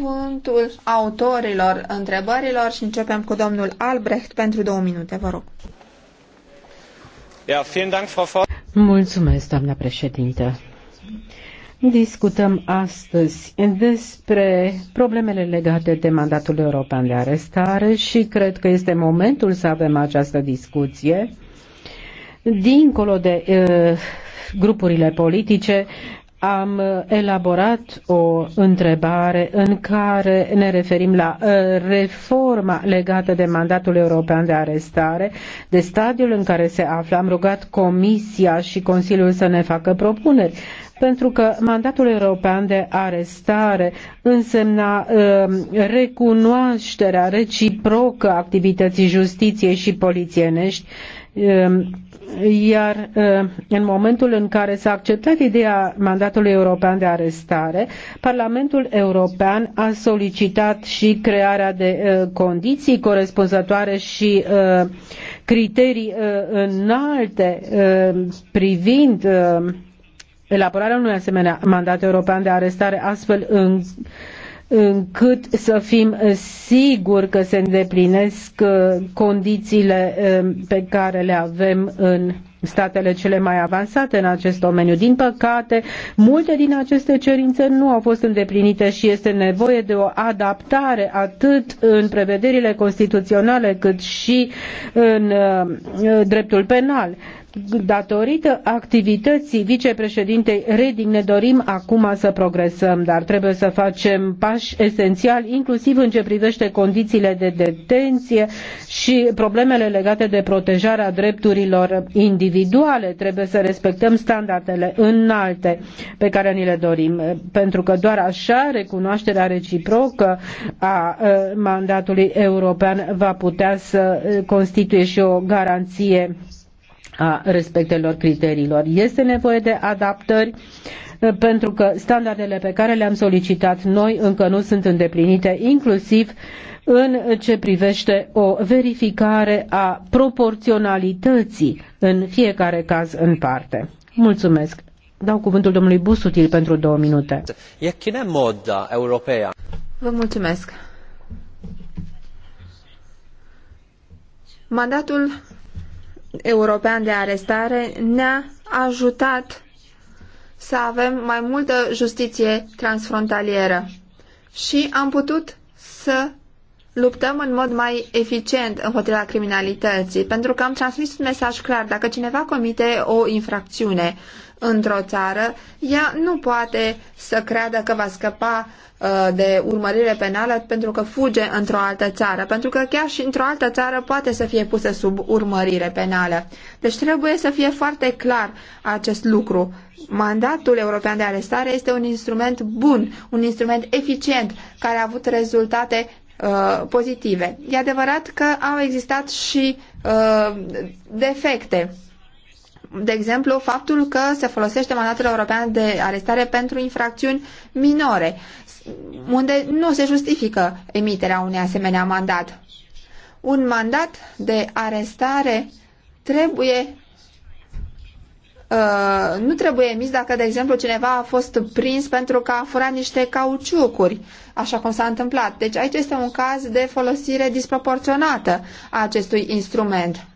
cuvântul autorilor întrebărilor și începem cu domnul Albrecht pentru două minute, vă rog. Mulțumesc, doamna președintă. Discutăm astăzi despre problemele legate de mandatul european de arestare și cred că este momentul să avem această discuție dincolo de uh, grupurile politice am elaborat o întrebare în care ne referim la uh, reforma legată de mandatul european de arestare, de stadiul în care se află. Am rugat Comisia și Consiliul să ne facă propuneri, pentru că mandatul european de arestare însemna uh, recunoașterea reciprocă activității justiției și polițienești uh, iar uh, în momentul în care s-a acceptat ideea mandatului european de arestare, Parlamentul European a solicitat și crearea de uh, condiții corespunzătoare și uh, criterii înalte privind elaborarea unui asemenea mandat european de arestare, astfel în încât să fim siguri că se îndeplinesc uh, condițiile uh, pe care le avem în statele cele mai avansate în acest domeniu. Din păcate, multe din aceste cerințe nu au fost îndeplinite și este nevoie de o adaptare atât în prevederile constituționale cât și în uh, dreptul penal datorită activității vicepreședintei Reding ne dorim acum să progresăm, dar trebuie să facem pași esențiali, inclusiv în ce privește condițiile de detenție și problemele legate de protejarea drepturilor individuale. Trebuie să respectăm standardele înalte pe care ni le dorim, pentru că doar așa recunoașterea reciprocă a mandatului european va putea să constituie și o garanție a respectelor criteriilor. Este nevoie de adaptări eh, pentru că standardele pe care le-am solicitat noi încă nu sunt îndeplinite, inclusiv în ce privește o verificare a proporționalității în fiecare caz în parte. Mulțumesc. Dau cuvântul domnului Busutil pentru două minute. Vă mulțumesc. Mandatul european de arestare ne-a ajutat să avem mai multă justiție transfrontalieră și am putut să luptăm în mod mai eficient împotriva criminalității, pentru că am transmis un mesaj clar. Dacă cineva comite o infracțiune într-o țară, ea nu poate să creadă că va scăpa uh, de urmărire penală pentru că fuge într-o altă țară, pentru că chiar și într-o altă țară poate să fie pusă sub urmărire penală. Deci trebuie să fie foarte clar acest lucru. Mandatul european de arestare este un instrument bun, un instrument eficient, care a avut rezultate Uh, pozitive. E adevărat că au existat și uh, defecte. De exemplu, faptul că se folosește mandatul european de arestare pentru infracțiuni minore, unde nu se justifică emiterea unui asemenea mandat. Un mandat de arestare trebuie Uh, nu trebuie emis dacă, de exemplu, cineva a fost prins pentru că a furat niște cauciucuri, așa cum s-a întâmplat. Deci aici este un caz de folosire disproporționată a acestui instrument.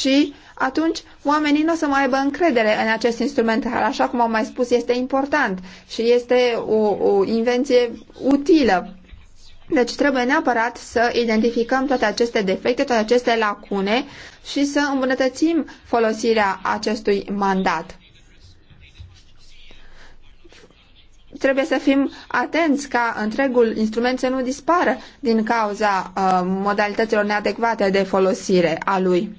Și atunci oamenii nu o să mai aibă încredere în acest instrument, care, așa cum am mai spus, este important și este o, o invenție utilă deci trebuie neapărat să identificăm toate aceste defecte, toate aceste lacune și să îmbunătățim folosirea acestui mandat. Trebuie să fim atenți ca întregul instrument să nu dispară din cauza uh, modalităților neadecvate de folosire a lui.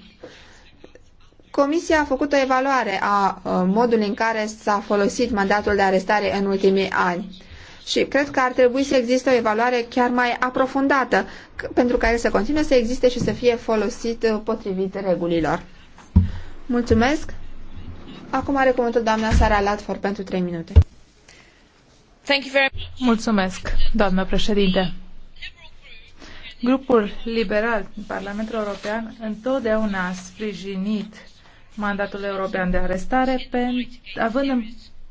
Comisia a făcut o evaluare a uh, modului în care s-a folosit mandatul de arestare în ultimii ani și cred că ar trebui să existe o evaluare chiar mai aprofundată pentru ca să continue să existe și să fie folosit uh, potrivit regulilor. Mulțumesc! Acum are cuvântul doamna Sara Latford pentru 3 minute. Thank you very much. Mulțumesc, doamnă președinte. Grupul liberal din Parlamentul European întotdeauna a sprijinit mandatul european de arestare, pe, având în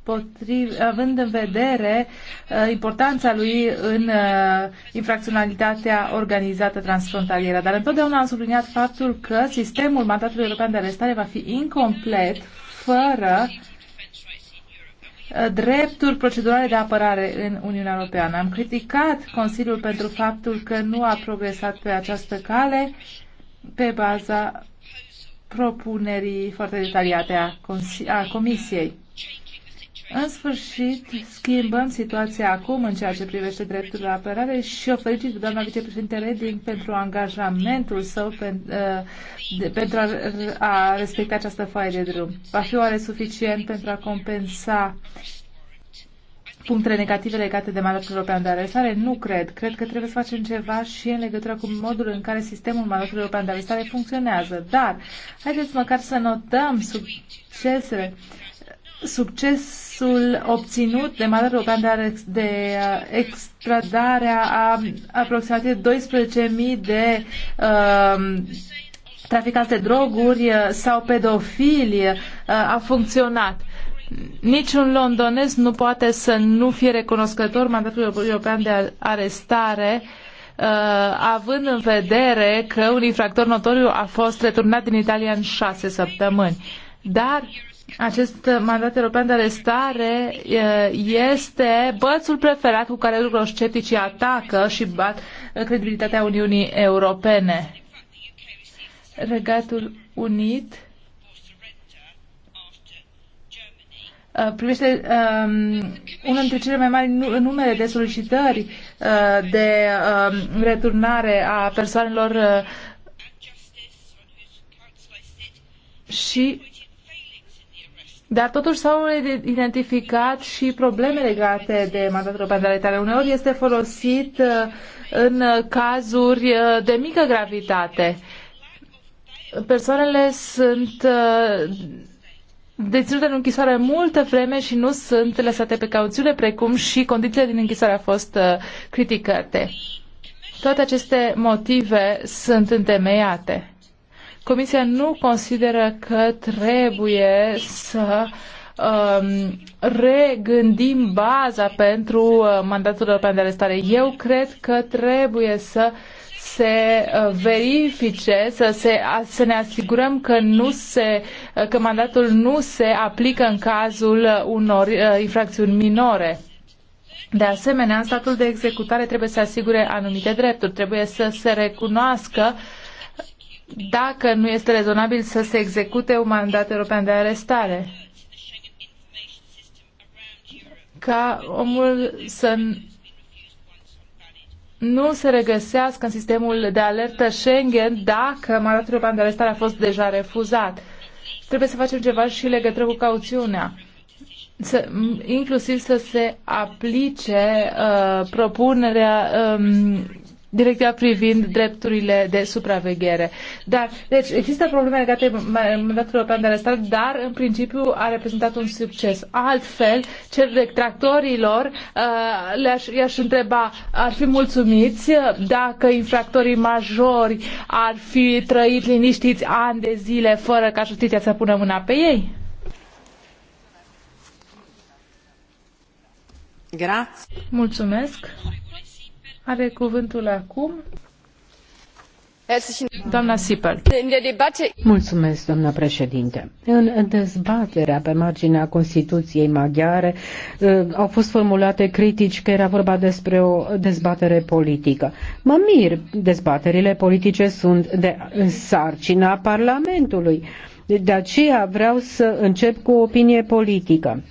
potriv, având în vedere uh, importanța lui în uh, infracționalitatea organizată transfrontalieră. Dar întotdeauna am subliniat faptul că sistemul mandatului european de arestare va fi incomplet fără uh, drepturi procedurale de apărare în Uniunea Europeană. Am criticat Consiliul pentru faptul că nu a progresat pe această cale pe baza propunerii foarte detaliate a, a Comisiei. În sfârșit, schimbăm situația acum în ceea ce privește dreptul de apărare și o felicit pe doamna vicepreședinte Reding pentru angajamentul său uh, de, pentru a, a respecta această foaie de drum. Va fi oare suficient pentru a compensa punctele negative legate de mandatul european de arestare? Nu cred. Cred că trebuie să facem ceva și în legătură cu modul în care sistemul mandatului european de arestare funcționează. Dar haideți măcar să notăm succesele succesul obținut de Marea Europeană de uh, extradarea a aproximativ 12.000 de uh, de droguri uh, sau pedofili uh, a funcționat. Niciun londonez nu poate să nu fie recunoscător mandatului european de arestare uh, având în vedere că un infractor notoriu a fost returnat din Italia în șase săptămâni. Dar acest mandat european de arestare este bățul preferat cu care euroscepticii atacă și bat credibilitatea Uniunii Europene. Regatul Unit uh, primește um, unul dintre cele mai mari numere de solicitări uh, de um, returnare a persoanelor uh, și dar totuși s-au identificat și probleme legate de mandatul european de Uneori este folosit uh, în cazuri uh, de mică gravitate. Persoanele sunt uh, deținute în închisoare multă vreme și nu sunt lăsate pe cauțiune, precum și condițiile din închisoare au fost criticate. Toate aceste motive sunt întemeiate. Comisia nu consideră că trebuie să um, regândim baza pentru uh, mandatul european de arestare. Eu cred că trebuie să se uh, verifice, să, se, să ne asigurăm că, nu se, uh, că mandatul nu se aplică în cazul unor infracțiuni minore. De asemenea, statul de executare trebuie să asigure anumite drepturi, trebuie să se recunoască uh, dacă nu este rezonabil să se execute un mandat european de arestare. Ca omul să nu se regăsească în sistemul de alertă Schengen dacă mandatul european de arestare a fost deja refuzat. Trebuie să facem ceva și legătură cu cauțiunea. Să, inclusiv să se aplice uh, propunerea um, directiva privind drepturile de supraveghere. Dar, deci, există probleme legate de mandatul european de arestare, dar, în principiu, a reprezentat un succes. Altfel, cel retractorilor uh, le-aș, i-aș întreba, ar fi mulțumiți dacă infractorii majori ar fi trăit liniștiți ani de zile fără ca justiția să pună mâna pe ei? Grazie. Mulțumesc. Are cuvântul acum Doamna Sipel. Mulțumesc, doamna președinte. În dezbaterea pe marginea Constituției maghiare eh, au fost formulate critici că era vorba despre o dezbatere politică. Mă mir, dezbaterile politice sunt de sarcina Parlamentului. De aceea vreau să încep cu o opinie politică.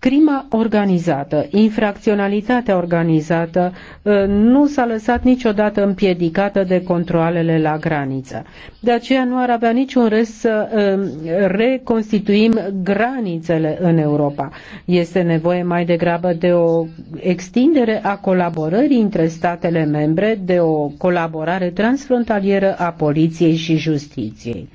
Crima organizată, infracționalitatea organizată uh, nu s-a lăsat niciodată împiedicată de controlele la graniță. De aceea nu ar avea niciun rest să uh, reconstituim granițele în Europa. Este nevoie mai degrabă de o extindere a colaborării între statele membre, de o colaborare transfrontalieră a poliției și justiției.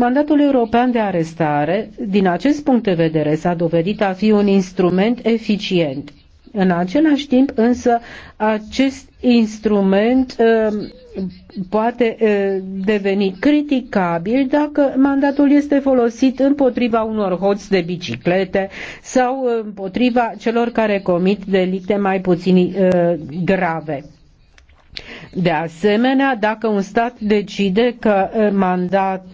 Mandatul european de arestare, din acest punct de vedere, s-a dovedit a fi un instrument eficient. În același timp, însă, acest instrument uh, poate uh, deveni criticabil dacă mandatul este folosit împotriva unor hoți de biciclete sau împotriva celor care comit delicte mai puțin uh, grave. De asemenea, dacă un stat decide că uh, mandat,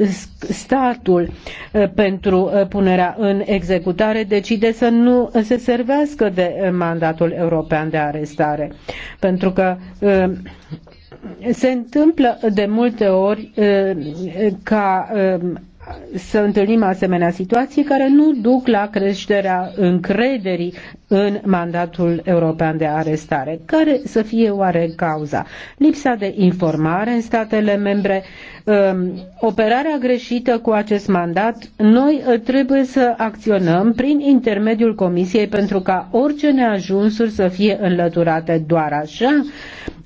statul uh, pentru uh, punerea în executare decide să nu se servească de mandatul european de arestare, pentru că se întâmplă de multe ori ca să întâlnim asemenea situații care nu duc la creșterea încrederii în mandatul european de arestare. Care să fie oare cauza? Lipsa de informare în statele membre, um, operarea greșită cu acest mandat, noi uh, trebuie să acționăm prin intermediul Comisiei pentru ca orice neajunsuri să fie înlăturate doar așa.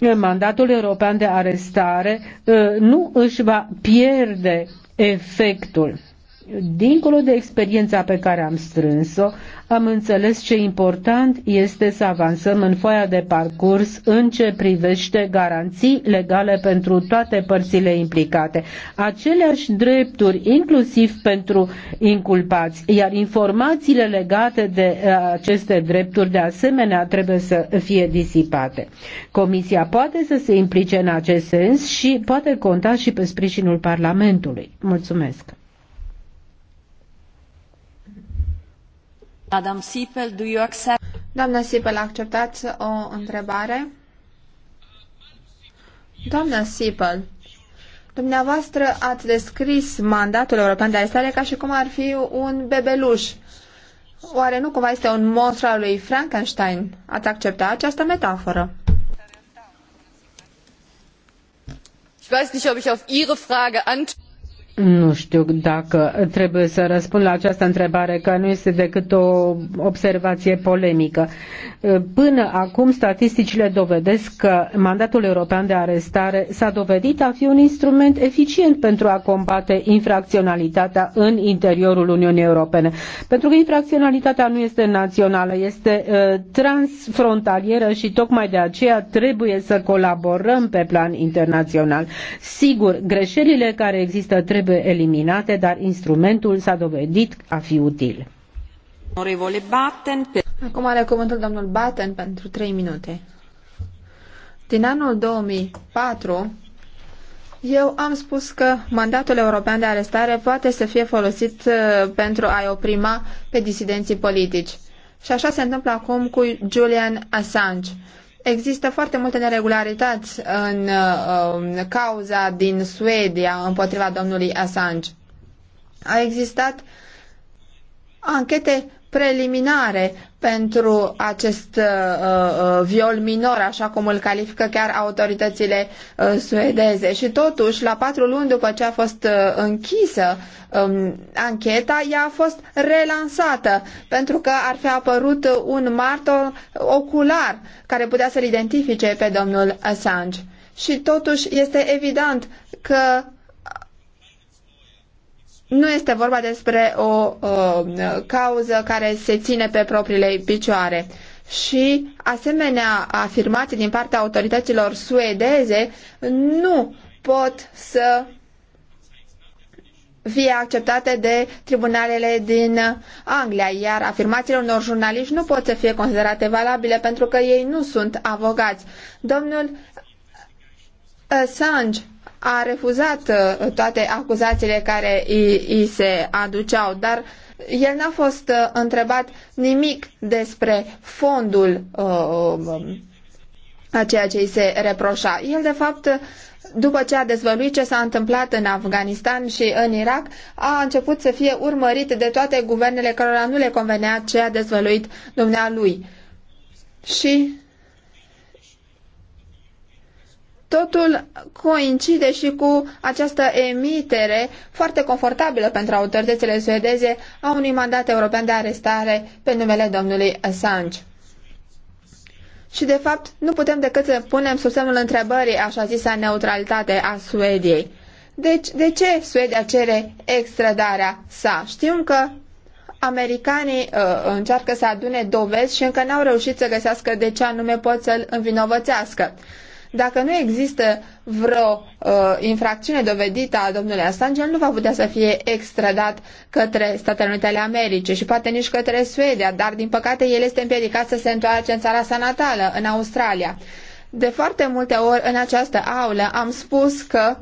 Uh, mandatul european de arestare uh, nu își va pierde efectul dincolo de experiența pe care am strâns-o, am înțeles ce important este să avansăm în foaia de parcurs în ce privește garanții legale pentru toate părțile implicate, aceleași drepturi inclusiv pentru inculpați, iar informațiile legate de uh, aceste drepturi de asemenea trebuie să fie disipate. Comisia poate să se implice în acest sens și poate conta și pe sprijinul Parlamentului. Mulțumesc! Madam Sipel, do you accept... Doamna Sipel, acceptați o întrebare? Doamna Sipel, dumneavoastră ați descris mandatul european de arestare ca și cum ar fi un bebeluș. Oare nu cumva este un monstru al lui Frankenstein? Ați accepta această metaforă? Ich weiß nicht, ob ich auf Ihre Frage antworte. Nu știu dacă trebuie să răspund la această întrebare, că nu este decât o observație polemică. Până acum, statisticile dovedesc că mandatul european de arestare s-a dovedit a fi un instrument eficient pentru a combate infracționalitatea în interiorul Uniunii Europene. Pentru că infracționalitatea nu este națională, este uh, transfrontalieră și tocmai de aceea trebuie să colaborăm pe plan internațional. Sigur, greșelile care există trebuie trebuie eliminate, dar instrumentul s-a dovedit a fi util. Acum are cuvântul domnul Batten pentru 3 minute. Din anul 2004, eu am spus că mandatul european de arestare poate să fie folosit uh, pentru a-i oprima pe disidenții politici. Și așa se întâmplă acum cu Julian Assange. Există foarte multe neregularități în, în um, cauza din Suedia împotriva domnului Assange. Au existat anchete preliminare pentru acest uh, uh, viol minor, așa cum îl califică chiar autoritățile uh, suedeze. Și totuși, la patru luni după ce a fost uh, închisă um, ancheta, ea a fost relansată, pentru că ar fi apărut un martor ocular care putea să-l identifice pe domnul Assange. Și totuși este evident că nu este vorba despre o uh, cauză care se ține pe propriile picioare. Și asemenea afirmații din partea autorităților suedeze nu pot să fie acceptate de tribunalele din Anglia, iar afirmațiile unor jurnaliști nu pot să fie considerate valabile pentru că ei nu sunt avocați. Domnul uh, Assange a refuzat uh, toate acuzațiile care îi se aduceau, dar el n-a fost uh, întrebat nimic despre fondul uh, a ceea ce îi se reproșa. El, de fapt, după ce a dezvăluit ce s-a întâmplat în Afganistan și în Irak, a început să fie urmărit de toate guvernele cărora nu le convenea ce a dezvăluit dumnealui. Și Totul coincide și cu această emitere foarte confortabilă pentru autoritățile suedeze a unui mandat european de arestare pe numele domnului Assange. Și, de fapt, nu putem decât să punem sub semnul întrebării așa zisa neutralitate a Suediei. Deci, de ce Suedia cere extradarea sa? Știm că americanii uh, încearcă să adune dovezi și încă n-au reușit să găsească de ce anume pot să-l învinovățească. Dacă nu există vreo uh, infracțiune dovedită a domnului Assange, el nu va putea să fie extradat către Statele Unite ale Americii și poate nici către Suedia, dar din păcate el este împiedicat să se întoarce în țara sa natală, în Australia. De foarte multe ori în această aulă am spus că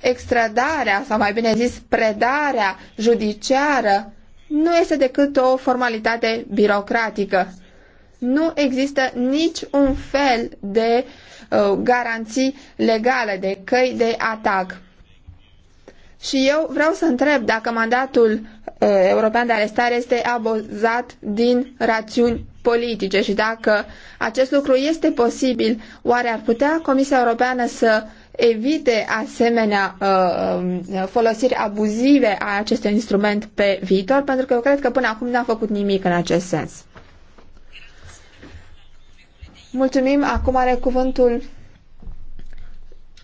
extradarea, sau mai bine zis, predarea judiciară nu este decât o formalitate birocratică. Nu există nici un fel de uh, Uh, garanții legale, de căi de atac. Și eu vreau să întreb dacă mandatul uh, european de arestare este abozat din rațiuni politice și dacă acest lucru este posibil, oare ar putea Comisia Europeană să evite asemenea uh, uh, folosiri abuzive a acestui instrument pe viitor, pentru că eu cred că până acum n-a făcut nimic în acest sens. Mulțumim. Acum are cuvântul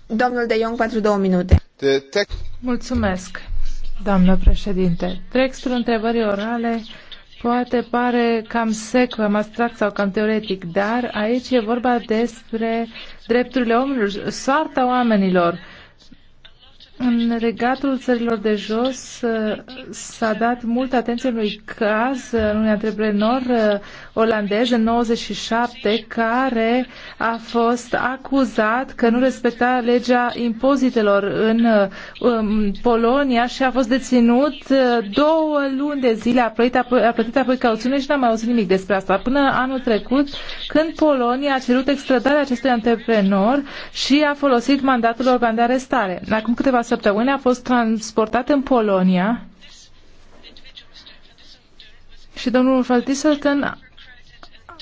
domnul De Jong pentru două minute. Mulțumesc, doamnă președinte. Textul întrebării orale poate pare cam sec, cam abstract sau cam teoretic, dar aici e vorba despre drepturile omului, soarta oamenilor în regatul țărilor de jos eh, s-a dat multă atenție unui caz, eh, unui antreprenor eh, olandez în 97 care a fost acuzat că nu respecta legea impozitelor în, în Polonia și a fost deținut două luni de zile, a plătit, a plătit apoi cauțiune și n-a mai auzit nimic despre asta. Până anul trecut, când Polonia a cerut extradarea acestui antreprenor și a folosit mandatul organ de arestare. Acum câteva săptămâni a fost transportat în Polonia și domnul Faltiselten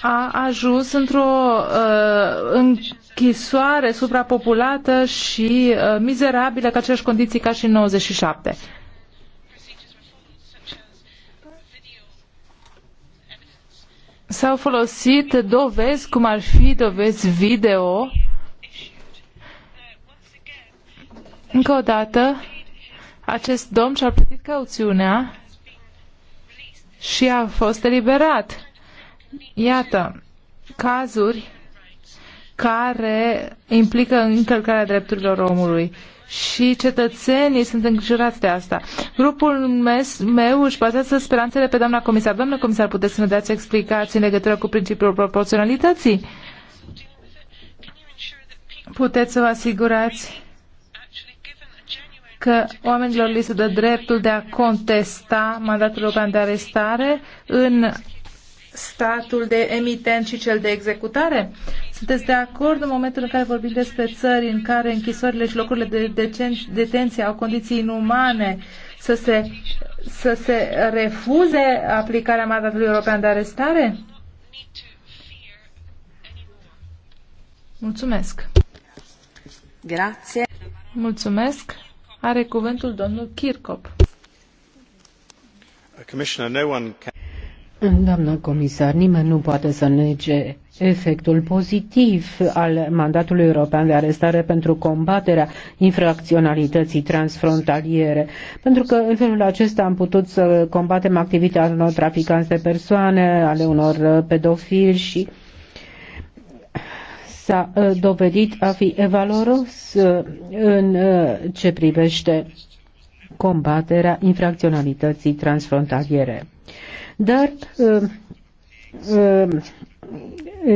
a ajuns într-o uh, închisoare suprapopulată și uh, mizerabilă, ca aceleași condiții ca și în 97. S-au folosit dovezi, cum ar fi dovezi video, Încă o dată, acest domn și-a plătit cauțiunea și a fost eliberat. Iată, cazuri care implică încălcarea drepturilor omului și cetățenii sunt îngrijorați de asta. Grupul meu își bazează speranțele pe doamna comisar. Doamna comisar, puteți să ne dați explicații în legătură cu principiul proporționalității? Puteți să vă asigurați că oamenilor li se dă dreptul de a contesta mandatul european de arestare în statul de emitent și cel de executare? Sunteți de acord în momentul în care vorbim despre țări în care închisorile și locurile de detenție au condiții inumane să se, să se refuze aplicarea mandatului european de arestare? Mulțumesc. Grazie. Mulțumesc. Are cuvântul domnul Kirkhope. Uh, Doamnă comisar, nimeni nu poate să nege efectul pozitiv al mandatului european de arestare pentru combaterea infracționalității transfrontaliere, pentru că în felul acesta am putut să combatem activitatea unor traficanți de persoane, ale unor pedofili și uh, s-a uh, dovedit a fi valoros uh, în uh, ce privește combaterea infracționalității transfrontaliere. Dar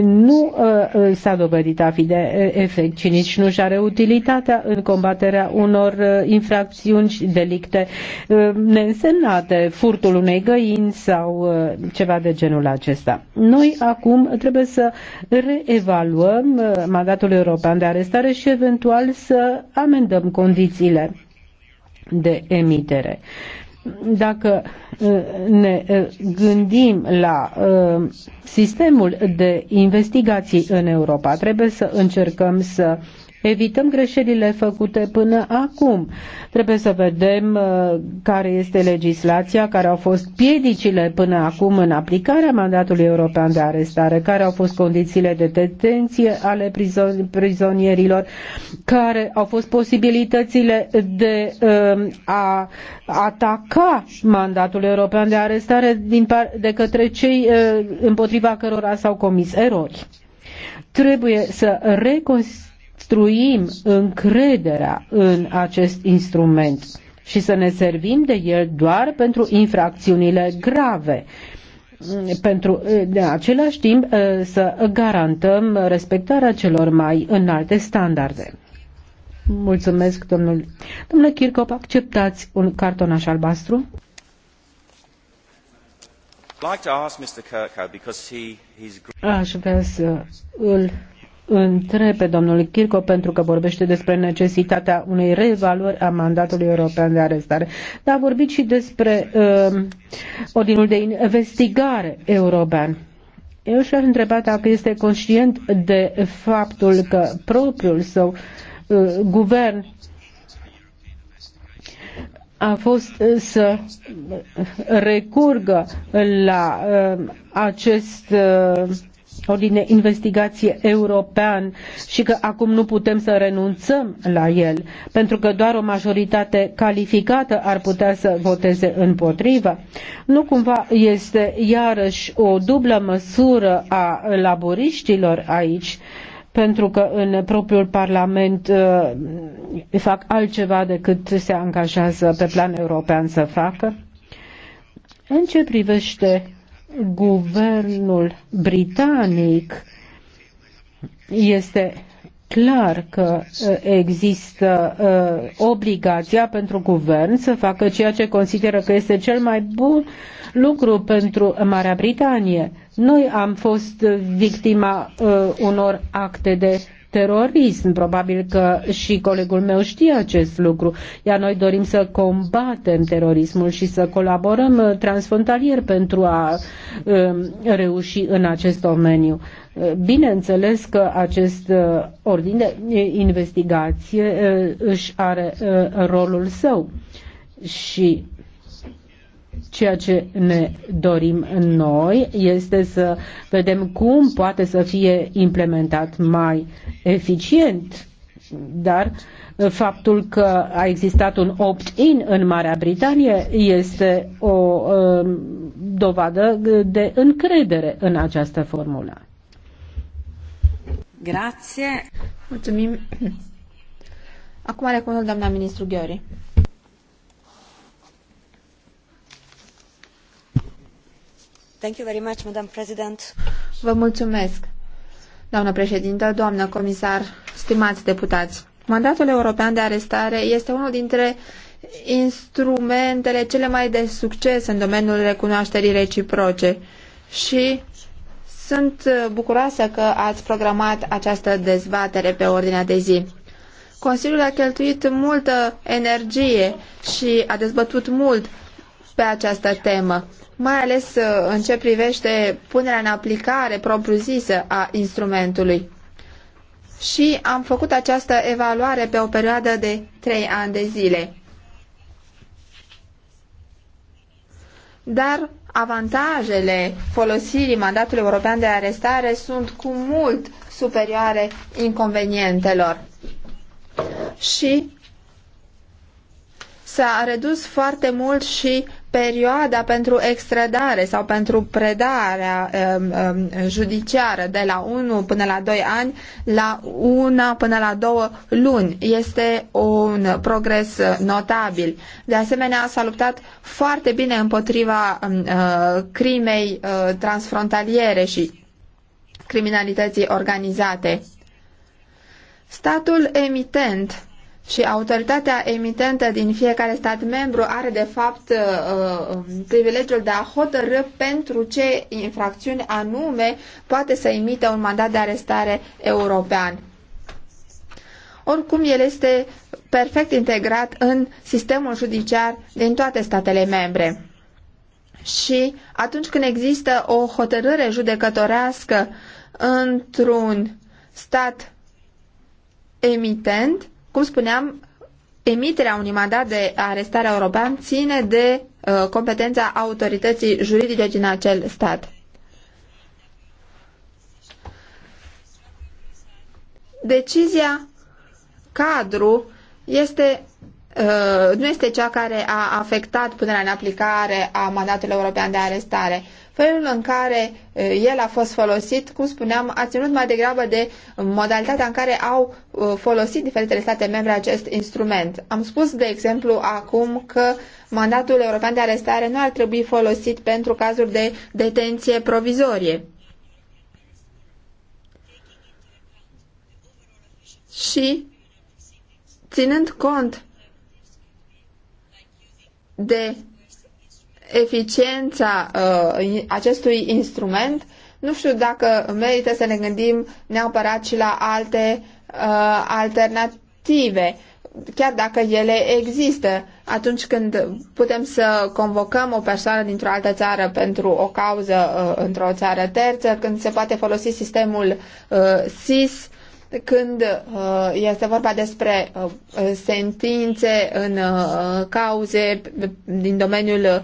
nu uh, uh, s-a dovedit a fi de uh, efect și nici nu și-are utilitatea în combaterea unor uh, infracțiuni și delicte uh, neînsemnate, furtul unei găini sau uh, ceva de genul acesta. Noi acum trebuie să reevaluăm uh, mandatul european de arestare și eventual să amendăm condițiile de emitere. Dacă uh, ne uh, gândim la uh, sistemul de investigații în Europa, trebuie să încercăm să evităm greșelile făcute până acum. Trebuie să vedem uh, care este legislația, care au fost piedicile până acum în aplicarea mandatului european de arestare, care au fost condițiile de detenție ale prizon- prizonierilor, care au fost posibilitățile de um, a ataca mandatul european de arestare din de către cei uh, împotriva cărora s-au comis erori. Trebuie să reconstruim struim încrederea în acest instrument și să ne servim de el doar pentru infracțiunile grave. Pentru, de același timp, ă, să garantăm respectarea celor mai înalte standarde. Mulțumesc, domnul. Domnule Kirchhoff, acceptați un cartonaș albastru? Aș vrea să îl întreb pe domnul Kirco pentru că vorbește despre necesitatea unei reevaluări a mandatului european de arestare. Dar a vorbit și despre uh, ordinul de investigare european. Eu și-aș întreba dacă este conștient de faptul că propriul său uh, guvern a fost uh, să recurgă la uh, acest uh, ordine investigație european și că acum nu putem să renunțăm la el, pentru că doar o majoritate calificată ar putea să voteze împotrivă, nu cumva este iarăși o dublă măsură a laboriștilor aici, pentru că în propriul Parlament uh, fac altceva decât se angajează pe plan european să facă. În ce privește guvernul britanic este clar că uh, există uh, obligația pentru guvern să facă ceea ce consideră că este cel mai bun lucru pentru Marea Britanie. Noi am fost victima uh, unor acte de terorism. Probabil că și colegul meu știe acest lucru. Iar noi dorim să combatem terorismul și să colaborăm uh, transfrontalier pentru a um, reuși în acest domeniu. Uh, bineînțeles că acest uh, ordin de investigație își are rolul său și Ceea ce ne dorim noi este să vedem cum poate să fie implementat mai eficient dar faptul că a existat un opt-in în Marea Britanie este o um, dovadă de încredere în această formulă. Grație. Mulțumim. Acum are doamna ministru Gheori. Vă mulțumesc, doamnă președintă, doamnă comisar, stimați deputați. Mandatul european de arestare este unul dintre instrumentele cele mai de succes în domeniul recunoașterii reciproce și sunt bucuroasă că ați programat această dezbatere pe ordinea de zi. Consiliul a cheltuit multă energie și a dezbătut mult pe această temă, mai ales uh, în ce privește punerea în aplicare propriu-zisă a instrumentului. Și am făcut această evaluare pe o perioadă de trei ani de zile. Dar avantajele folosirii mandatului european de arestare sunt cu mult superioare inconvenientelor. Și s-a redus foarte mult și perioada pentru extradare sau pentru predarea um, um, judiciară de la 1 până la 2 ani la 1 până la 2 luni. Este un progres notabil. De asemenea, s-a luptat foarte bine împotriva um, uh, crimei uh, transfrontaliere și criminalității organizate. Statul emitent și autoritatea emitentă din fiecare stat membru are de fapt uh, uh, privilegiul de a hotărâ pentru ce infracțiuni anume poate să imite un mandat de arestare european. Oricum, el este perfect integrat în sistemul judiciar din toate statele membre. Și atunci când există o hotărâre judecătorească într-un stat emitent, cum spuneam, emiterea unui mandat de arestare european ține de uh, competența autorității juridice din acel stat. Decizia cadru este uh, nu este cea care a afectat punerea în aplicare a mandatului european de arestare. Felul în care eh, el a fost folosit, cum spuneam, a ținut mai degrabă de modalitatea în care au eh, folosit diferitele state membre acest instrument. Am spus, de exemplu, acum că mandatul european de arestare nu ar trebui folosit pentru cazuri de detenție provizorie. Și, ținând cont de eficiența uh, acestui instrument, nu știu dacă merită să ne gândim neapărat și la alte uh, alternative, chiar dacă ele există. Atunci când putem să convocăm o persoană dintr-o altă țară pentru o cauză uh, într-o țară terță, când se poate folosi sistemul uh, SIS, când uh, este vorba despre uh, sentințe în uh, cauze din domeniul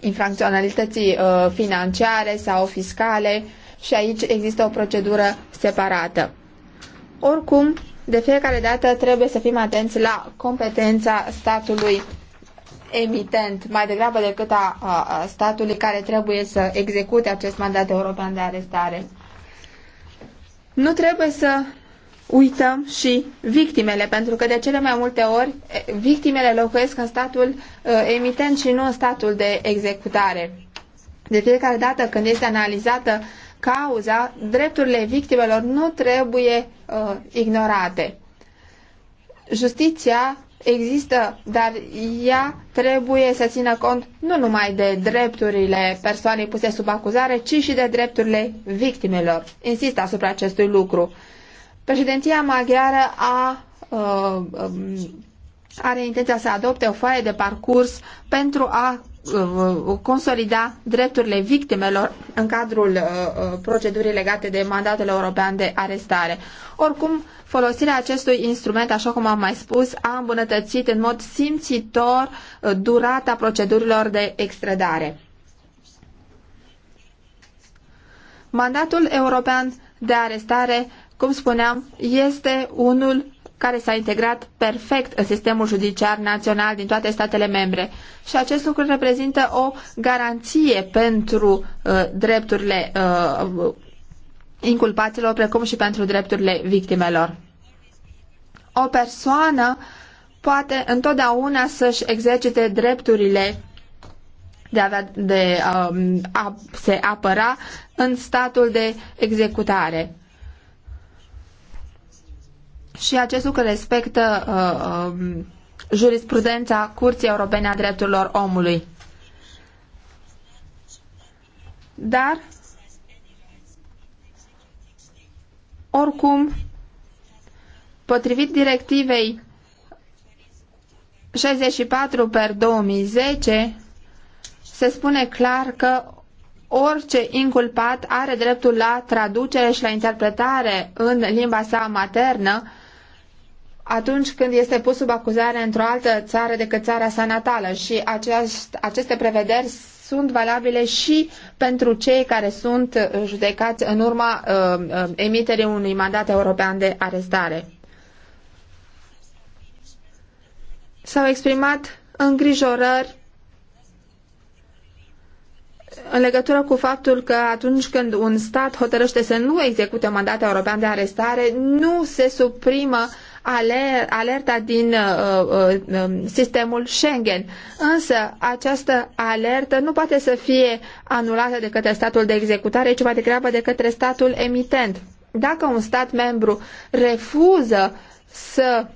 infracționalității uh, financiare sau fiscale și aici există o procedură separată. Oricum, de fiecare dată trebuie să fim atenți la competența statului emitent, mai degrabă decât a, a statului care trebuie să execute acest mandat european de arestare. Nu trebuie să uităm și victimele, pentru că de cele mai multe ori victimele locuiesc în statul emitent și nu în statul de executare. De fiecare dată când este analizată cauza, drepturile victimelor nu trebuie uh, ignorate. Justiția există, dar ea trebuie să țină cont nu numai de drepturile persoanei puse sub acuzare, ci și de drepturile victimelor. Insist asupra acestui lucru. Președinția maghiară a, uh, um, are intenția să adopte o foaie de parcurs pentru a uh, consolida drepturile victimelor în cadrul uh, uh, procedurii legate de mandatul european de arestare. Oricum, folosirea acestui instrument, așa cum am mai spus, a îmbunătățit în mod simțitor uh, durata procedurilor de extradare. Mandatul european de arestare cum spuneam, este unul care s-a integrat perfect în sistemul judiciar național din toate statele membre. Și acest lucru reprezintă o garanție pentru uh, drepturile uh, inculpaților, precum și pentru drepturile victimelor. O persoană poate întotdeauna să-și exercite drepturile de, avea, de uh, a se apăra în statul de executare și acest lucru respectă uh, uh, jurisprudența Curții Europene a Drepturilor Omului. Dar, oricum, potrivit directivei 64 per 2010, se spune clar că orice inculpat are dreptul la traducere și la interpretare în limba sa maternă atunci când este pus sub acuzare într-o altă țară decât țara sa natală și aceast, aceste prevederi sunt valabile și pentru cei care sunt judecați în urma uh, uh emiterii unui mandat european de arestare. S-au exprimat îngrijorări în legătură cu faptul că atunci când un stat hotărăște să nu execute mandat european de arestare, nu se suprimă uh, alerta din uh, uh, um, sistemul Schengen. Însă această alertă nu poate să fie anulată de către statul de executare, ci mai degrabă de către statul emitent. Dacă un stat membru refuză să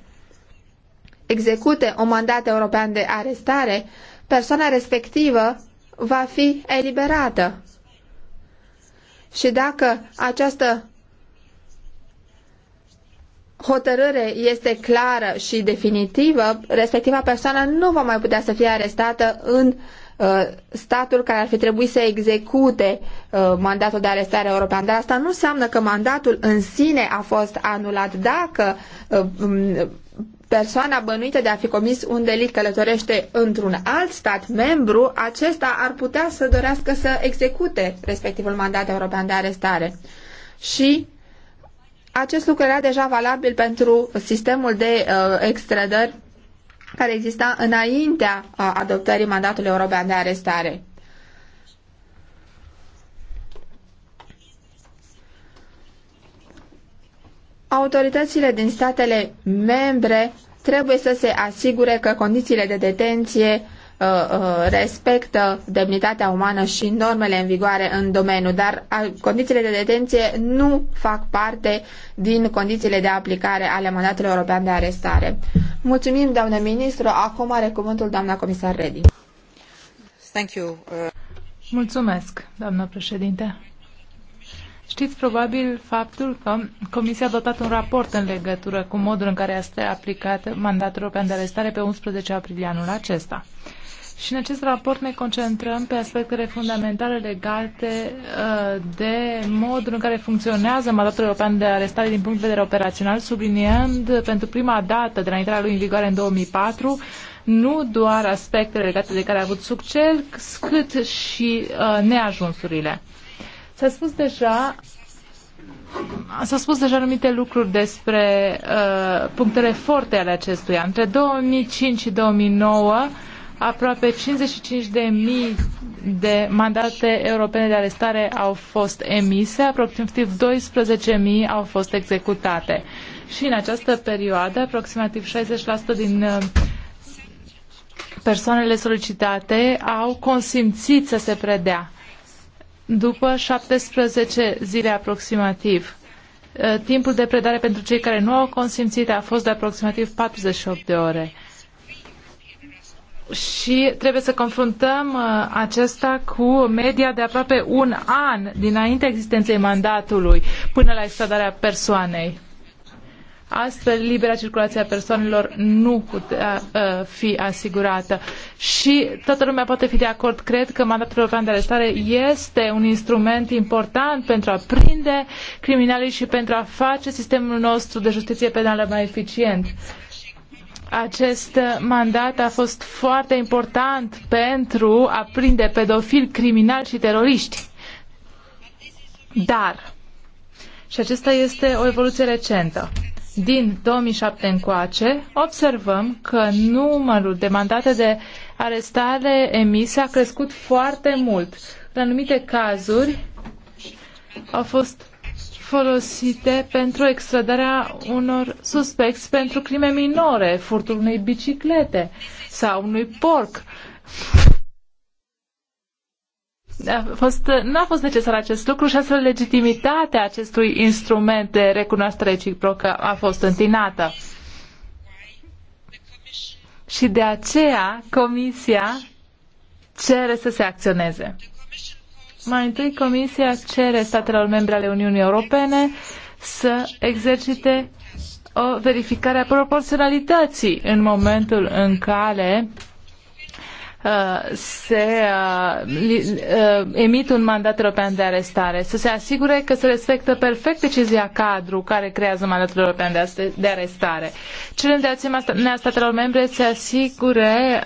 execute un mandat european de arestare, persoana respectivă va fi eliberată. Și dacă această hotărâre este clară și definitivă, respectiva persoană nu va mai putea să fie arestată în uh, statul care ar fi trebuit să execute uh, mandatul de arestare european. Dar asta nu înseamnă că mandatul în sine a fost anulat. Dacă uh, um, persoana bănuită de a fi comis un delit călătorește într-un alt stat membru, acesta ar putea să dorească să execute respectivul mandat european de arestare. Și acest lucru era deja valabil pentru sistemul de uh, extradări care exista înaintea uh, adoptării mandatului european de arestare. Autoritățile din statele membre trebuie să se asigure că condițiile de detenție Uh, uh, respectă demnitatea umană și normele în vigoare în domeniu, dar condițiile de detenție nu fac parte din condițiile de aplicare ale mandatului european de arestare. Mulțumim, doamnă ministru. Acum are cuvântul doamna comisar Reding. Thank you. Uh. Mulțumesc, doamnă președinte. Știți probabil faptul că Comisia a dotat un raport în legătură cu modul în care este aplicat mandatul european de arestare pe 11 aprilie anul acesta. Și în acest raport ne concentrăm pe aspectele fundamentale legate uh, de modul în care funcționează mandatul european de arestare din punct de vedere operațional, subliniind pentru prima dată de la intrarea lui în vigoare în 2004 nu doar aspectele legate de care a avut succes, cât și uh, neajunsurile. S-a spus deja S-au spus deja anumite lucruri despre uh, punctele forte ale acestuia. Între 2005 și 2009 aproape 55.000 de de mandate europene de arestare au fost emise, aproximativ 12.000 au fost executate. Și în această perioadă, aproximativ 60% din uh, persoanele solicitate au consimțit să se predea după 17 zile aproximativ. Uh, timpul de predare pentru cei care nu au consimțit a fost de aproximativ 48 de ore și trebuie să confruntăm uh, acesta cu media de aproape un an dinaintea existenței mandatului până la extradarea persoanei. Astfel, libera circulație a persoanelor nu putea uh, fi asigurată. Și toată lumea poate fi de acord, cred că mandatul european de arestare este un instrument important pentru a prinde criminalii și pentru a face sistemul nostru de justiție penală mai eficient. Acest mandat a fost foarte important pentru a prinde pedofili, criminali și teroriști. Dar, și acesta este o evoluție recentă, din 2007 încoace, observăm că numărul de mandate de arestare emise a crescut foarte mult. În anumite cazuri au fost folosite pentru extradarea unor suspecți pentru crime minore, furtul unei biciclete sau unui porc. A fost, nu a fost necesar acest lucru și astfel legitimitatea acestui instrument de recunoaștere reciprocă a fost întinată. Și de aceea Comisia cere să se acționeze. Mai întâi, Comisia cere statelor membre ale Uniunii Europene să exercite o verificare a proporționalității în momentul în care uh, se uh, uh, emit un mandat european de arestare, să se asigure că se respectă perfect decizia cadru care creează mandatul european de arestare. Cerem de asemenea statelor membre să asigure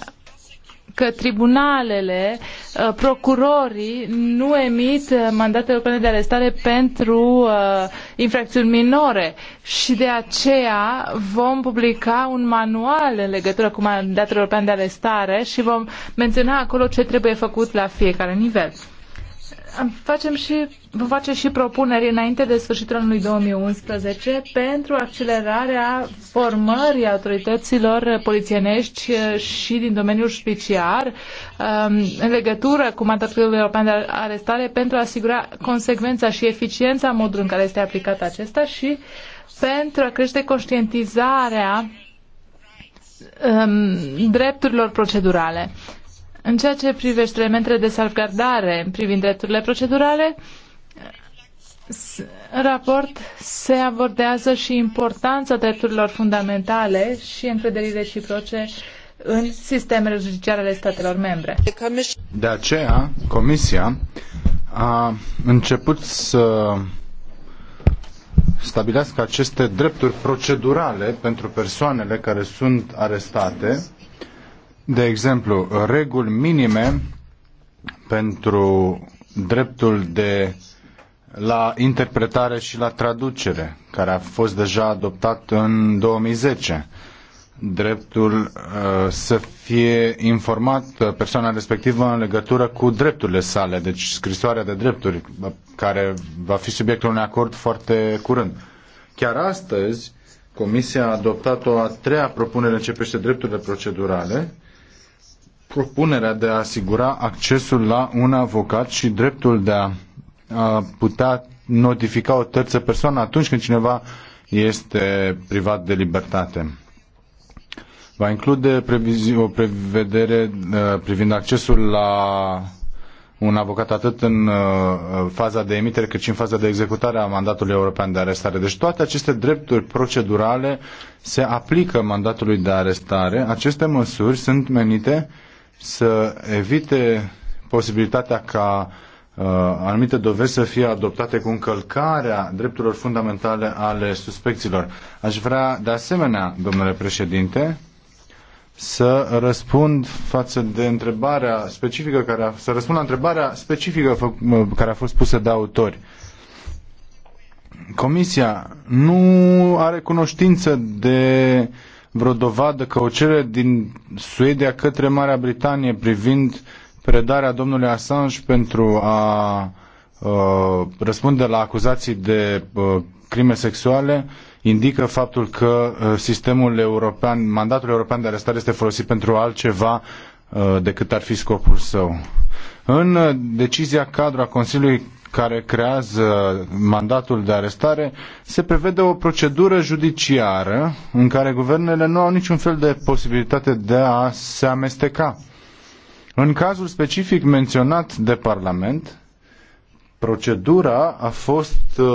că tribunalele, uh, procurorii nu emit uh, mandate europene de arestare pentru uh, infracțiuni minore și de aceea vom publica un manual în legătură cu mandatul european de arestare și vom menționa acolo ce trebuie făcut la fiecare nivel facem și, vă face și propuneri înainte de sfârșitul anului 2011 pentru accelerarea formării autorităților polițienești și din domeniul judiciar um, în legătură cu mandatul european de arestare pentru a asigura consecvența și eficiența modului în care este aplicat acesta și pentru a crește conștientizarea um, drepturilor procedurale. În ceea ce privește elementele de salvgardare privind drepturile procedurale, în raport se abordează și importanța drepturilor fundamentale și încrederii reciproce în sistemele judiciare ale statelor membre. De aceea, Comisia a început să stabilească aceste drepturi procedurale pentru persoanele care sunt arestate de exemplu, reguli minime pentru dreptul de la interpretare și la traducere, care a fost deja adoptat în 2010. Dreptul uh, să fie informat uh, persoana respectivă în legătură cu drepturile sale, deci scrisoarea de drepturi, uh, care va fi subiectul unui acord foarte curând. Chiar astăzi, Comisia a adoptat o a treia propunere în ce privește drepturile procedurale, propunerea de a asigura accesul la un avocat și dreptul de a, a putea notifica o terță persoană atunci când cineva este privat de libertate. Va include o prevedere uh, privind accesul la un avocat atât în uh, faza de emitere cât și în faza de executare a mandatului european de arestare. Deci toate aceste drepturi procedurale se aplică mandatului de arestare. Aceste măsuri sunt menite să evite posibilitatea ca uh, anumite dovezi să fie adoptate cu încălcarea drepturilor fundamentale ale suspecților. Aș vrea, de asemenea, domnule președinte, să răspund față de întrebarea specifică care a, să răspund la întrebarea specifică care a fost pusă de autori. Comisia nu are cunoștință de vreo dovadă că o cerere din Suedia către Marea Britanie privind predarea domnului Assange pentru a uh, răspunde la acuzații de uh, crime sexuale indică faptul că uh, sistemul european, mandatul european de arestare este folosit pentru altceva uh, decât ar fi scopul său. În uh, decizia cadru a Consiliului care creează mandatul de arestare, se prevede o procedură judiciară în care guvernele nu au niciun fel de posibilitate de a se amesteca. În cazul specific menționat de Parlament, procedura a fost uh,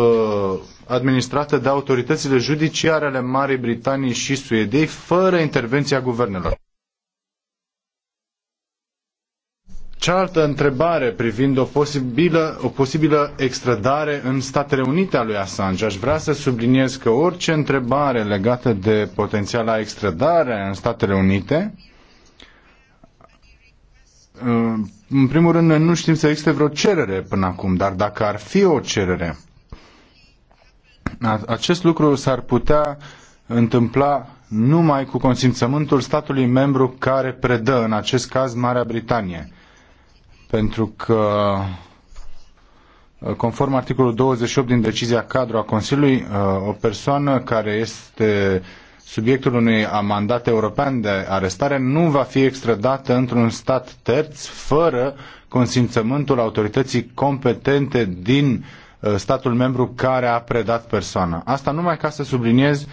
administrată de autoritățile judiciare ale Marii Britanii și Suediei fără intervenția guvernelor. Cealaltă întrebare privind o posibilă, o posibilă extradare în Statele Unite a lui Assange. Aș vrea să subliniez că orice întrebare legată de potențiala extradare în Statele Unite, uh, în primul rând, nu știm să existe vreo cerere până acum, dar dacă ar fi o cerere, acest lucru s-ar putea întâmpla numai cu consimțământul statului membru care predă, în acest caz, Marea Britanie pentru că uh, conform articolul 28 din decizia cadru a Consiliului, uh, o persoană care este subiectul unui mandat european de arestare nu va fi extradată într-un stat terț fără consimțământul autorității competente din uh, statul membru care a predat persoana. Asta numai ca să subliniez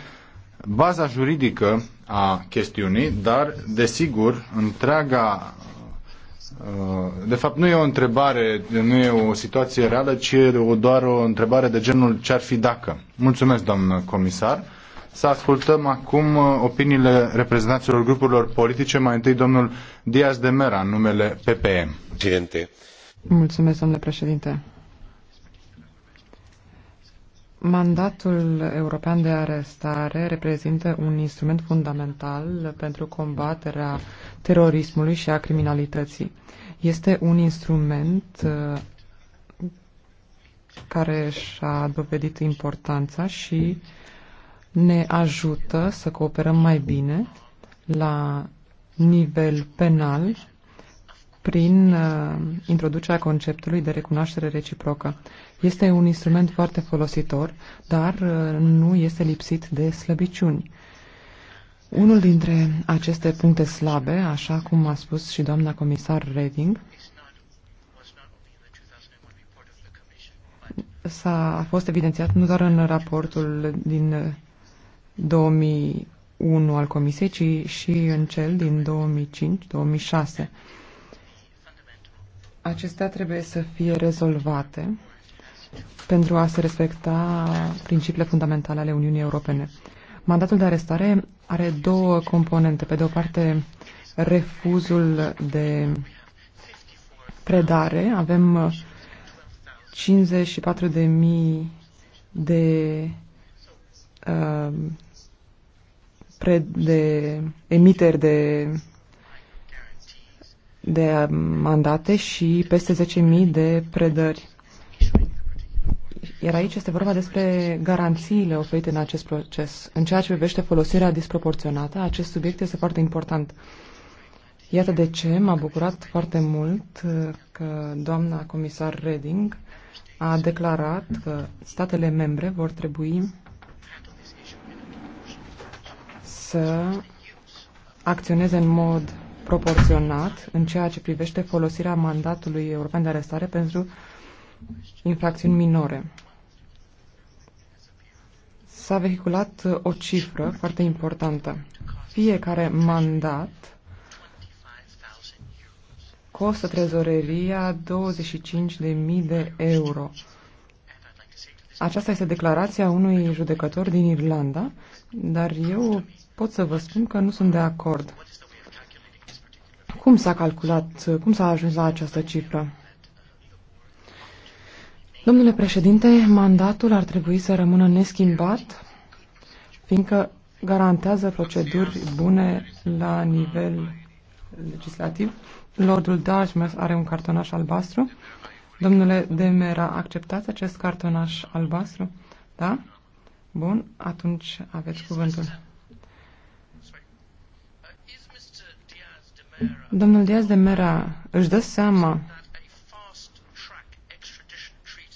baza juridică a chestiunii, dar, desigur, întreaga Uh, de fapt, nu e o întrebare, nu e o situație reală, ci e doar o întrebare de genul ce ar fi dacă. Mulțumesc, doamnă comisar. Să ascultăm acum uh, opiniile reprezentanților grupurilor politice. Mai întâi, domnul Diaz de Mera, în numele PPM. Mulțumesc, domnule președinte. Mandatul european de arestare reprezintă un instrument fundamental pentru combaterea terorismului și a criminalității. Este un instrument uh, care și-a dovedit importanța și ne ajută să cooperăm mai bine la nivel penal prin uh, introducerea conceptului de recunoaștere reciprocă. Este un instrument foarte folositor, dar uh, nu este lipsit de slăbiciuni. Unul dintre aceste puncte slabe, așa cum a spus și doamna comisar Reding, s-a a fost evidențiat nu doar în raportul din 2001 uh, al Comisiei, ci și în cel din 2005-2006 acestea trebuie să fie rezolvate pentru a se respecta principiile fundamentale ale Uniunii Europene. Mandatul de arestare are două componente. Pe de o parte, refuzul de predare. Avem 54.000 de uh, pre, de emiteri de de mandate și peste 10.000 de predări. Iar aici este vorba despre garanțiile oferite în acest proces. În ceea ce privește folosirea disproporționată, acest subiect este foarte important. Iată de ce m-a bucurat foarte mult uh, că doamna comisar Reding a declarat că statele membre vor trebui să acționeze în mod proporționat în ceea ce privește folosirea mandatului european de arestare pentru infracțiuni minore. S-a vehiculat o cifră foarte importantă. Fiecare mandat costă trezoreria 25.000 de euro. Aceasta este declarația unui judecător din Irlanda, dar eu pot să vă spun că nu sunt de acord. Cum s-a calculat, cum s-a ajuns la această cifră? Domnule președinte, mandatul ar trebui să rămână neschimbat, fiindcă garantează proceduri bune la nivel legislativ. Lordul Dartmouth are un cartonaș albastru. Domnule Demera, acceptați acest cartonaș albastru? Da? Bun, atunci aveți cuvântul. Domnul Diaz de Mera își dă seama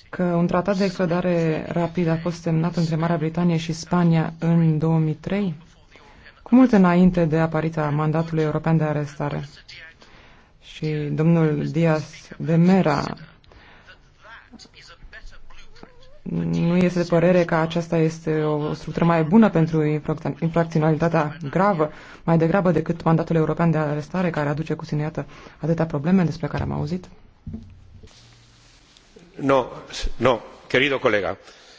că un tratat de extradare rapid a fost semnat între Marea Britanie și Spania în 2003, cu mult înainte de apariția mandatului european de arestare. Și domnul Diaz de Mera nu este de părere că aceasta este o structură mai bună pentru infracționalitatea gravă, mai degrabă decât mandatul european de arestare, care aduce cu sine atâtea probleme despre care am auzit? No, no, querido colega.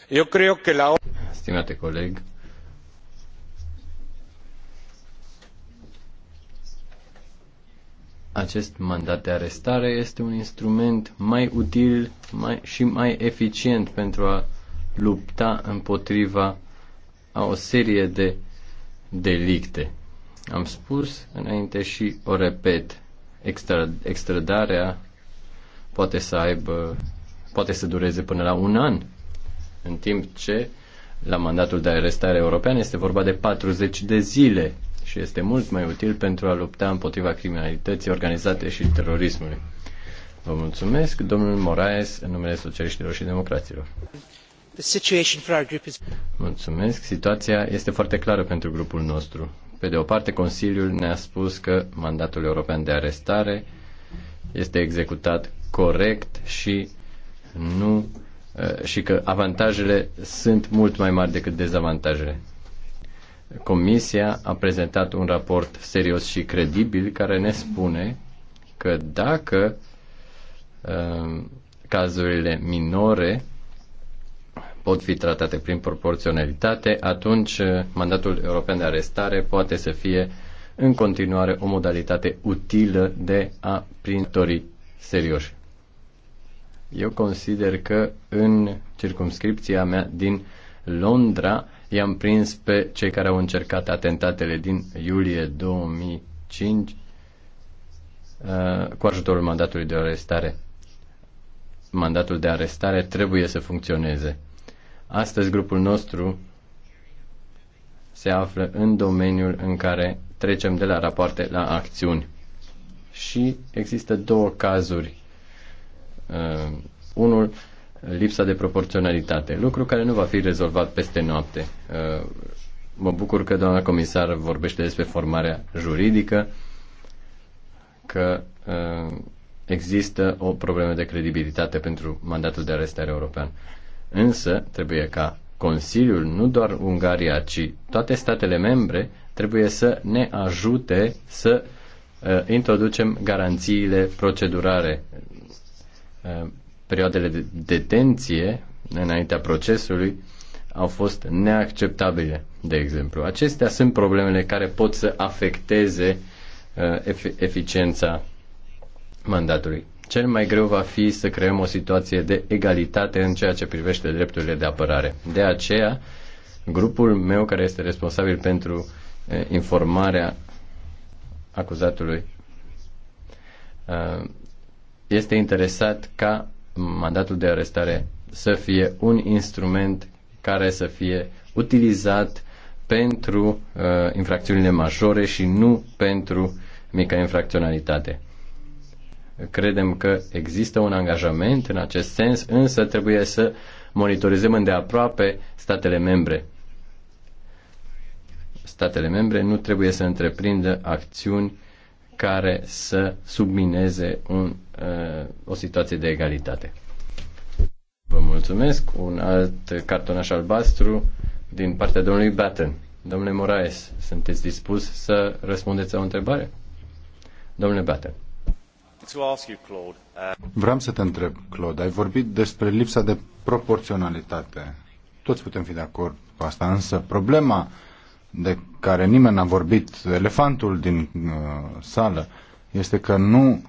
Eu cred că la... Stimate coleg, acest mandat de arestare este un instrument mai util mai, și mai eficient pentru a lupta împotriva a o serie de delicte. Am spus înainte și o repet, extradarea poate să aibă, poate să dureze până la un an, în timp ce la mandatul de arestare european este vorba de 40 de zile și este mult mai util pentru a lupta împotriva criminalității organizate și terorismului. Vă mulțumesc, domnul Moraes, în numele socialiștilor și democraților. Is... Mulțumesc. Situația este foarte clară pentru grupul nostru. Pe de o parte, Consiliul ne-a spus că mandatul european de arestare este executat corect și nu eh, și că avantajele sunt mult mai mari decât dezavantajele. Comisia a prezentat un raport serios și credibil care ne spune că dacă um, cazurile minore pot fi tratate prin proporționalitate, atunci uh, mandatul european de arestare poate să fie în continuare o modalitate utilă de a printori serioși. Eu consider că în circumscripția mea din Londra i-am prins pe cei care au încercat atentatele din iulie 2005 uh, cu ajutorul mandatului de arestare. Mandatul de arestare trebuie să funcționeze. Astăzi grupul nostru se află în domeniul în care trecem de la rapoarte la acțiuni. Și există două cazuri. Uh, unul lipsa de proporționalitate, lucru care nu va fi rezolvat peste noapte. Uh, mă bucur că doamna comisar vorbește despre formarea juridică, că uh, există o problemă de credibilitate pentru mandatul de arestare european. Însă, trebuie ca Consiliul, nu doar Ungaria, ci toate statele membre, trebuie să ne ajute să uh, introducem garanțiile procedurare. Uh, perioadele de detenție înaintea procesului au fost neacceptabile, de exemplu. Acestea sunt problemele care pot să afecteze uh, eficiența mandatului. Cel mai greu va fi să creăm o situație de egalitate în ceea ce privește drepturile de apărare. De aceea, grupul meu care este responsabil pentru uh, informarea acuzatului uh, este interesat ca mandatul de arestare să fie un instrument care să fie utilizat pentru uh, infracțiunile majore și nu pentru mica infracționalitate. Credem că există un angajament în acest sens, însă trebuie să monitorizăm îndeaproape statele membre. Statele membre nu trebuie să întreprindă acțiuni care să submineze un, uh, o situație de egalitate. Vă mulțumesc. Un alt cartonaș albastru din partea domnului Batten. Domnule Moraes, sunteți dispus să răspundeți la o întrebare? Domnule Batten. Uh, Vreau să te întreb, Claude, ai vorbit despre lipsa de proporționalitate. Toți putem fi de acord cu asta, însă problema de care nimeni n-a vorbit, elefantul din uh, sală, este că nu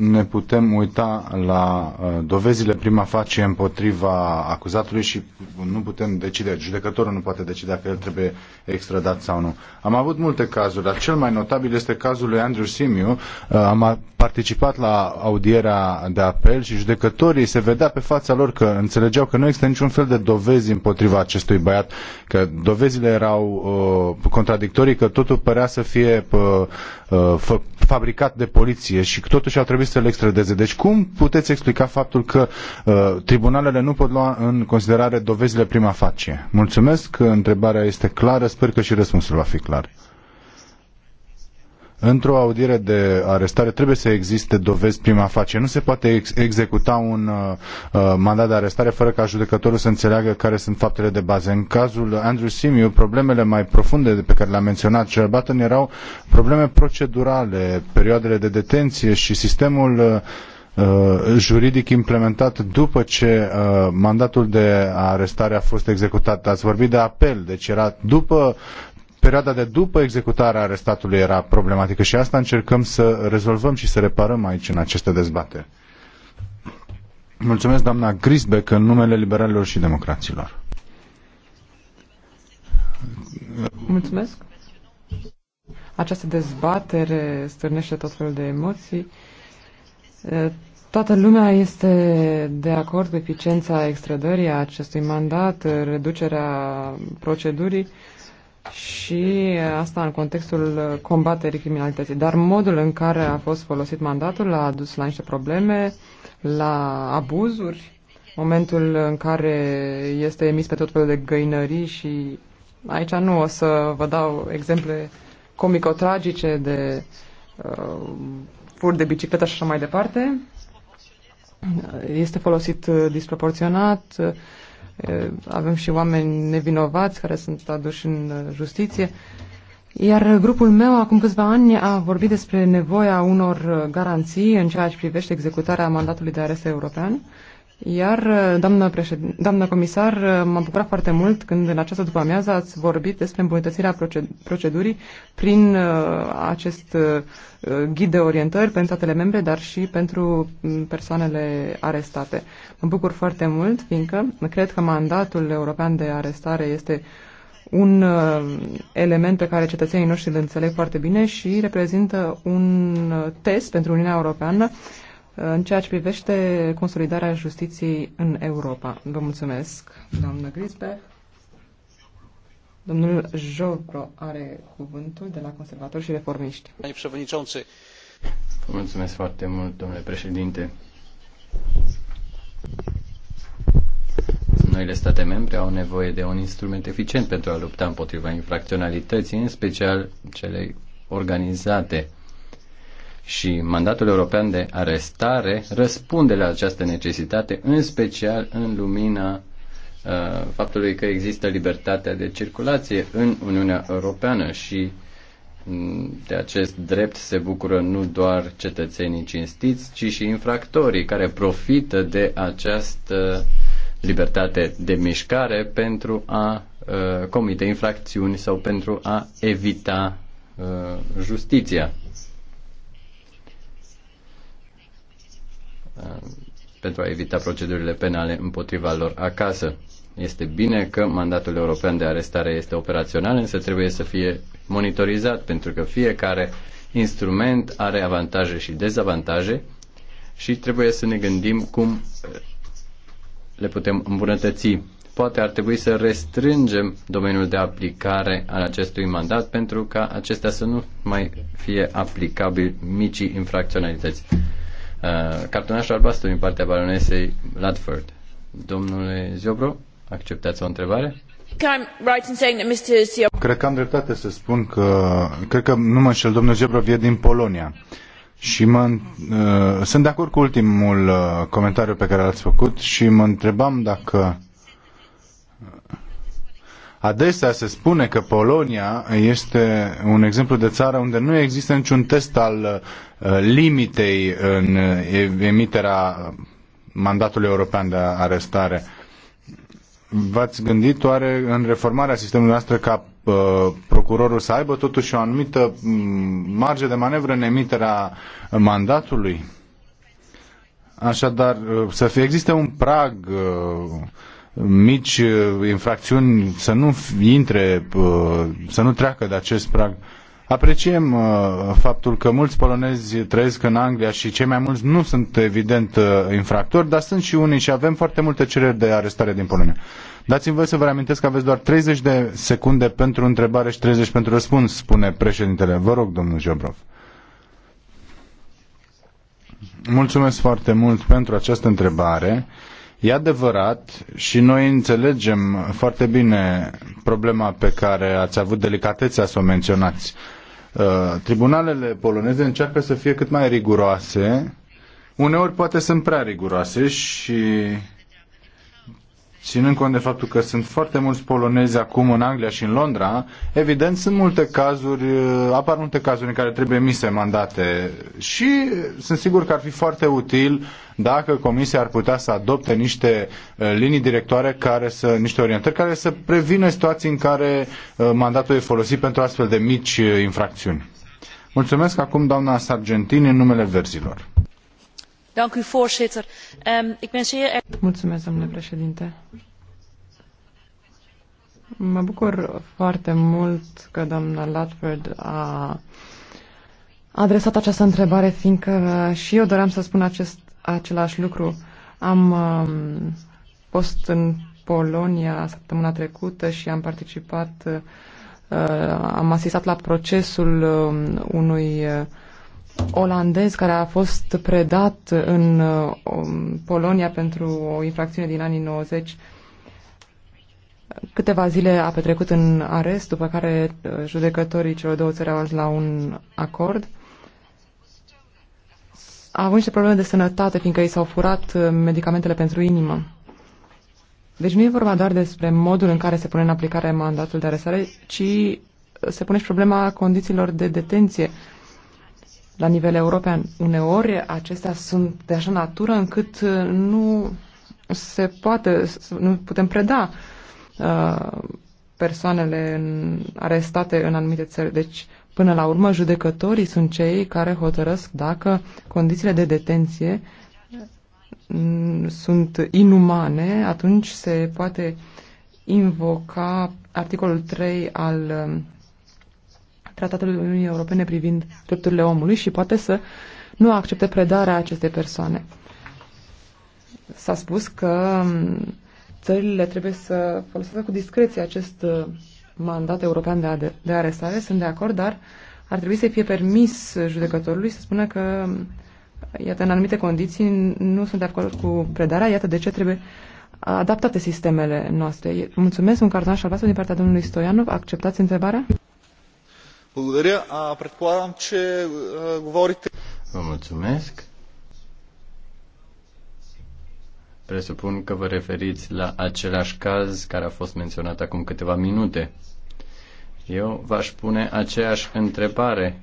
ne putem uita la uh, dovezile prima facie împotriva acuzatului și nu putem decide, judecătorul nu poate decide dacă el trebuie extradat sau nu. Am avut multe cazuri, dar cel mai notabil este cazul lui Andrew Simiu. Uh, am participat la audierea de apel și judecătorii se vedea pe fața lor că înțelegeau că nu există niciun fel de dovezi împotriva acestui băiat, că dovezile erau uh, contradictorii, că totul părea să fie făcut fabricat de poliție și totuși au trebuit să le extradeze. Deci cum puteți explica faptul că uh, tribunalele nu pot lua în considerare dovezile prima facie? Mulțumesc, întrebarea este clară, sper că și răspunsul va fi clar într-o audiere de arestare trebuie să existe dovezi prima facie. Nu se poate ex- executa un uh, uh, mandat de arestare fără ca judecătorul să înțeleagă care sunt faptele de bază. În cazul Andrew Simiu, problemele mai profunde pe care le-a menționat Button erau probleme procedurale, perioadele de detenție și sistemul uh, uh, juridic implementat după ce uh, mandatul de arestare a fost executat. Ați vorbit de apel, deci era după perioada de după executarea arestatului era problematică și asta încercăm să rezolvăm și să reparăm aici în aceste dezbateri. Mulțumesc, doamna Grisbeck, în numele liberalilor și democraților. Mulțumesc. Această dezbatere stârnește tot felul de emoții. Toată lumea este de acord cu eficiența extrădării a acestui mandat, reducerea procedurii și uh, asta în contextul uh, combaterii criminalității. Dar modul în care a fost folosit mandatul a dus la niște probleme, la abuzuri, momentul în care este emis pe tot felul de găinării și aici nu o să vă dau exemple comico-tragice de uh, fur de bicicletă și așa mai departe. Este folosit uh, disproporționat, avem și oameni nevinovați care sunt aduși în uh, justiție. Iar grupul meu acum câțiva ani a vorbit despre nevoia unor uh, garanții în ceea ce privește executarea mandatului de arest european iar, uh, doamnă, președin, doamnă comisar, uh, m-am bucurat foarte mult când în această după-amiază ați vorbit despre îmbunătățirea procedurii prin uh, acest ghid de orientări pentru statele membre, dar și pentru mm, persoanele arestate. Mă bucur foarte mult, fiindcă cred că mandatul european de arestare este un element pe care cetățenii noștri îl înțeleg foarte bine și reprezintă un test pentru Uniunea Europeană uh, în ceea ce privește consolidarea justiției în Europa. Vă mulțumesc, doamnă Grisbe. Domnul Jobro are cuvântul de la conservatori și reformiști. Mulțumesc foarte mult, domnule președinte. Noile state membre au nevoie de un instrument eficient pentru a lupta împotriva infracționalității, în special celei organizate și mandatul european de arestare răspunde la această necesitate, în special în lumina uh, faptului că există libertatea de circulație în Uniunea Europeană și mm, de acest drept se bucură nu doar cetățenii cinstiți, ci și infractorii care profită de această libertate de mișcare pentru a uh, comite infracțiuni sau pentru a evita uh, justiția. Uh, pentru a evita procedurile penale împotriva lor acasă. Este bine că mandatul european de arestare este operațional, însă trebuie să fie monitorizat, pentru că fiecare instrument are avantaje și dezavantaje și trebuie să ne gândim cum le putem îmbunătăți. Poate ar trebui să restrângem domeniul de aplicare al acestui mandat pentru ca acestea să nu mai fie aplicabil micii infracționalități. Uh, cartonașul albastru din partea baronesei Ladford. Domnule Ziobro, acceptați o întrebare? Cred că am dreptate să spun că, cred că nu mă înșel, domnul Zebrov e din Polonia. Și mă, uh, sunt de acord cu ultimul uh, comentariu pe care l-ați făcut și mă întrebam dacă Adesea se spune că Polonia este un exemplu de țară unde nu există niciun test al uh, limitei în uh, emiterea mandatului european de arestare. V-ați gândit oare în reformarea sistemului noastră ca uh, procurorul să aibă totuși o anumită mm, marge de manevră în emiterea mandatului? Așadar, uh, să fie, existe un prag uh, mici uh, infracțiuni să nu intre, uh, să nu treacă de acest prag. Apreciem uh, faptul că mulți polonezi trăiesc în Anglia și cei mai mulți nu sunt evident infractori, dar sunt și unii și avem foarte multe cereri de arestare din Polonia. Dați-mi voi să vă reamintesc că aveți doar 30 de secunde pentru întrebare și 30 pentru răspuns, spune președintele. Vă rog, domnul Jobrov. Mulțumesc foarte mult pentru această întrebare. E adevărat și noi înțelegem foarte bine problema pe care ați avut delicatețea să o menționați. Uh, tribunalele poloneze încearcă să fie cât mai riguroase, uneori poate sunt prea riguroase și ținând cont de faptul că sunt foarte mulți polonezi acum în Anglia și în Londra, evident sunt multe cazuri, uh, apar multe cazuri în care trebuie emise mandate și sunt sigur că ar fi foarte util dacă Comisia ar putea să adopte niște uh, linii directoare care să, niște orientări care să prevină situații în care uh, mandatul e folosit pentru astfel de mici infracțiuni. Mulțumesc acum doamna Sargentini în numele verzilor voorzitter ehm, ik ben zeer erg. Mă bucur foarte mult că doamna Latford a adresat această întrebare, fiindcă și eu doream să spun acest, același lucru. Am ehm, fost în Polonia săptămâna trecută și am participat, ehm, am asistat la procesul unui uh, olandez care a fost predat în uh, um, Polonia pentru o infracțiune din anii 90. Câteva zile a petrecut în arest, după care uh, judecătorii celor două țări au ajuns la un acord. A avut niște probleme de sănătate, fiindcă i s-au furat uh, medicamentele pentru inimă. Deci nu e vorba doar despre modul în care se pune în aplicare mandatul de arestare, ci se pune și problema condițiilor de detenție la nivel european. Uneori acestea sunt de așa natură încât uh, nu se poate, nu putem preda uh, persoanele arestate în anumite țări. Deci, până la urmă, judecătorii sunt cei care hotărăsc dacă condițiile de detenție mm, sunt inumane, atunci se poate invoca articolul 3 al um, Tratatului Uniunii Europene privind drepturile omului și poate să nu accepte predarea acestei persoane. S-a spus că mm, țările trebuie să folosească cu discreție acest uh, mandat european de, de arestare, sunt de acord, dar ar trebui să fie permis judecătorului să spună că, mm, iată, în anumite condiții nu sunt de acord cu predarea, iată de ce trebuie adaptate sistemele noastre. Mulțumesc, un cartonaș albastru din partea domnului Stoianov. Acceptați întrebarea? Благодаря. А, предполагам, че говорите... Vă mulțumesc. Presupun că vă referiți la același caz care a fost menționat acum câteva minute. Eu v-aș pune aceeași întrebare.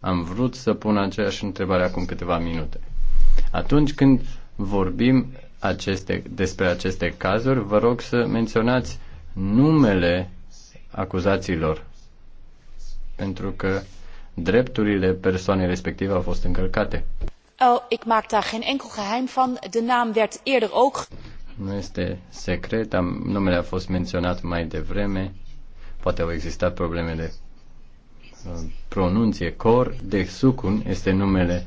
Am vrut să pun aceeași întrebare acum câteva minute. Atunci când vorbim aceste, despre aceste cazuri, vă rog să menționați numele acuzațiilor pentru că drepturile persoanei respective au fost încălcate. Oh, ik maak daar geen enkel geheim van. De naam werd eerder ook. Nu este secret, am, numele a fost menționat mai devreme. Poate au existat probleme de uh, pronunție. Cor de Sucun este numele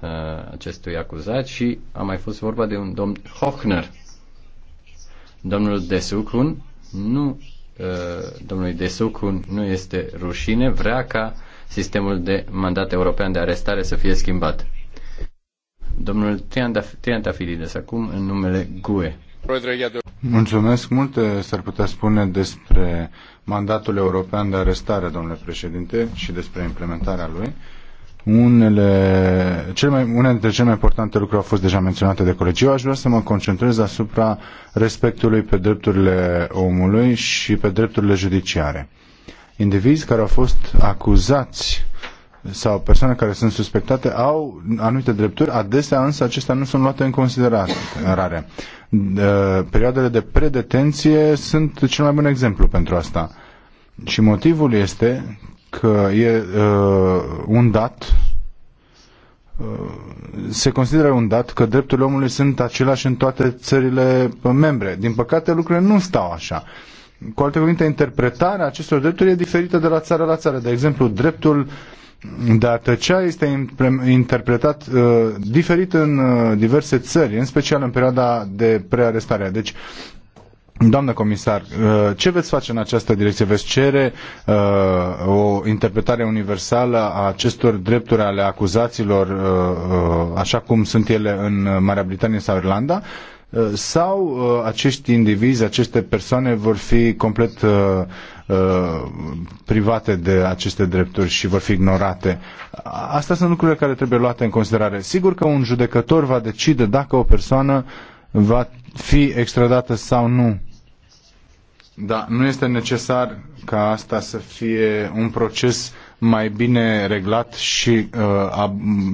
uh, acestui acuzat și a mai fost vorba de un domn Hochner. Domnul de Sucun nu Uh, domnului Desucu nu este rușine, vrea ca sistemul de mandat european de arestare să fie schimbat. Domnul Triantafilides, acum în numele GUE. Mulțumesc. mult. s-ar putea spune despre mandatul european de arestare, domnule președinte, și despre implementarea lui. Unele, cel mai, unele dintre cele mai importante lucruri au fost deja menționate de colegi. Eu aș vrea să mă concentrez asupra respectului pe drepturile omului și pe drepturile judiciare. Indivizi care au fost acuzați sau persoane care sunt suspectate au anumite drepturi, adesea însă acestea nu sunt luate în considerare. Rare. Perioadele de predetenție sunt cel mai bun exemplu pentru asta. Și motivul este că e uh, un dat uh, se consideră un dat că drepturile omului sunt aceleași în toate țările membre. Din păcate, lucrurile nu stau așa. Cu alte cuvinte, interpretarea acestor drepturi e diferită de la țară la țară. De exemplu, dreptul de a tăcea este interpretat uh, diferit în uh, diverse țări, în special în perioada de prearestare. Deci, Doamnă comisar, uh, ce veți face în această direcție? Veți cere uh, o interpretare universală a acestor drepturi ale acuzaților, uh, uh, așa cum sunt ele în Marea Britanie sau Irlanda? Uh, sau uh, acești indivizi, aceste persoane vor fi complet private de aceste drepturi și vor fi ignorate. Astea sunt lucrurile care trebuie luate în considerare. Sigur că un judecător va decide dacă o persoană va fi extradată sau nu da, nu este necesar ca asta să fie un proces mai bine reglat și uh,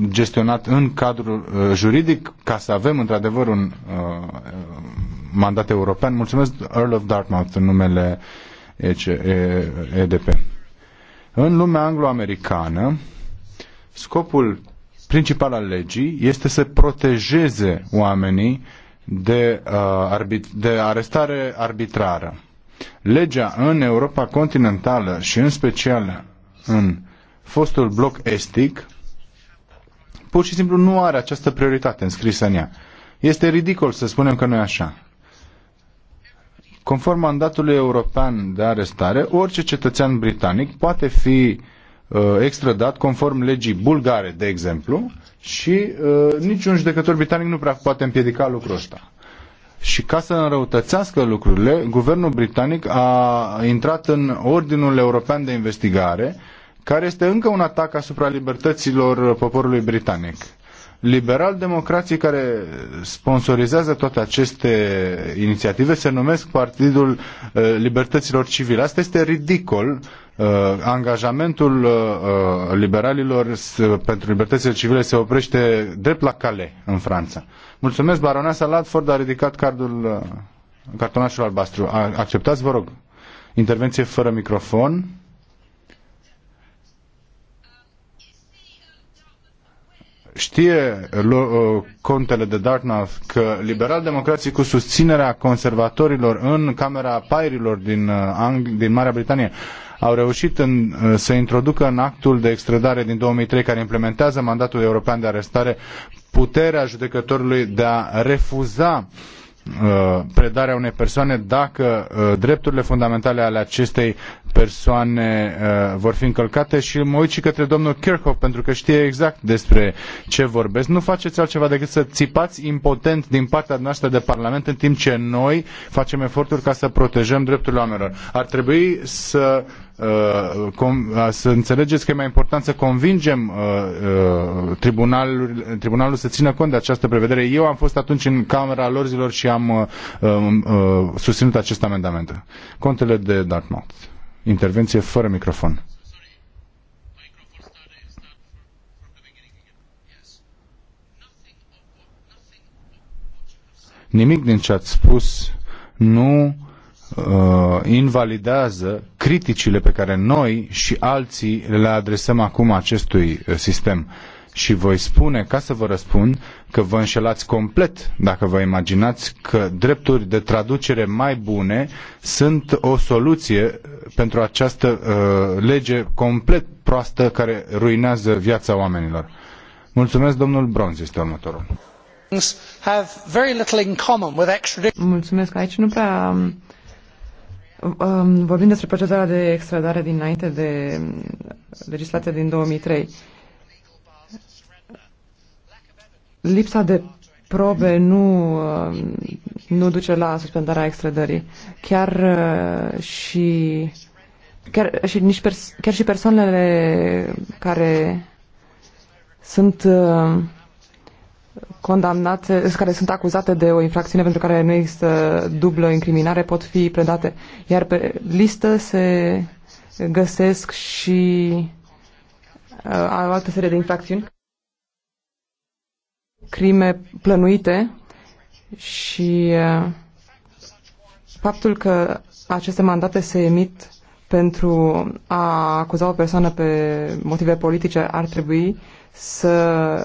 gestionat în cadrul uh, juridic ca să avem într-adevăr un uh, mandat european. Mulțumesc Earl of Dartmouth în numele EDP. În lumea anglo-americană, scopul principal al legii este să protejeze oamenii de, uh, arbit- de arestare arbitrară. Legea în Europa continentală și în special în fostul bloc estic pur și simplu nu are această prioritate înscrisă în ea. Este ridicol să spunem că nu e așa. Conform mandatului european de arestare, orice cetățean britanic poate fi uh, extradat conform legii bulgare, de exemplu, și uh, niciun judecător britanic nu prea poate împiedica lucrul ăsta. Și ca să înrăutățească lucrurile, guvernul britanic a intrat în Ordinul European de Investigare, care este încă un atac asupra libertăților poporului britanic. Liberal-democrații care sponsorizează toate aceste inițiative se numesc Partidul eh, Libertăților Civile. Asta este ridicol. Eh, angajamentul eh, liberalilor pentru libertățile civile se oprește drept la cale în Franța. Mulțumesc, baroneasa Latford a ridicat cardul, uh, cartonașul albastru. Acceptați, vă rog, intervenție fără microfon. știe uh, contele de Dartmouth că liberal-democrații cu susținerea conservatorilor în Camera Pairilor din, uh, Ang- din Marea Britanie au reușit în, uh, să introducă în actul de extradare din 2003 care implementează mandatul european de arestare puterea judecătorului de a refuza uh, predarea unei persoane dacă uh, drepturile fundamentale ale acestei persoane vor fi încălcate și mă uit și către domnul Kirchhoff pentru că știe exact despre ce vorbesc. Nu faceți altceva decât să țipați impotent din partea noastră de Parlament în timp ce noi facem eforturi ca să protejăm drepturile oamenilor. Ar trebui să Uh, să înțelegeți că e mai important să convingem uh, uh, tribunalul, tribunalul să țină cont de această prevedere. Eu am fost atunci în Camera Lorzilor și am um, susținut acest amendament. Contele de Dartmouth. Intervenție fără microfon. Nimic din ce ați spus nu uh, invalidează criticile pe care noi și alții le adresăm acum acestui uh, sistem. Și voi spune, ca să vă răspund, că vă înșelați complet dacă vă imaginați că drepturi de traducere mai bune sunt o soluție pentru această uh, lege complet proastă care ruinează viața oamenilor. Mulțumesc, domnul Bronz este următorul. Mulțumesc. Aici nu prea vorbim despre procedura de extradare dinainte de legislația din 2003. Lipsa de probe nu, uh, nu duce la suspendarea extradării. Chiar uh, și chiar și, nici pers- chiar și persoanele care sunt uh, condamnate, care sunt acuzate de o infracțiune pentru care nu există dublă incriminare pot fi predate. Iar pe listă se găsesc și uh, altă serie de infracțiuni, crime plănuite și uh, faptul că aceste mandate se emit pentru a acuza o persoană pe motive politice ar trebui să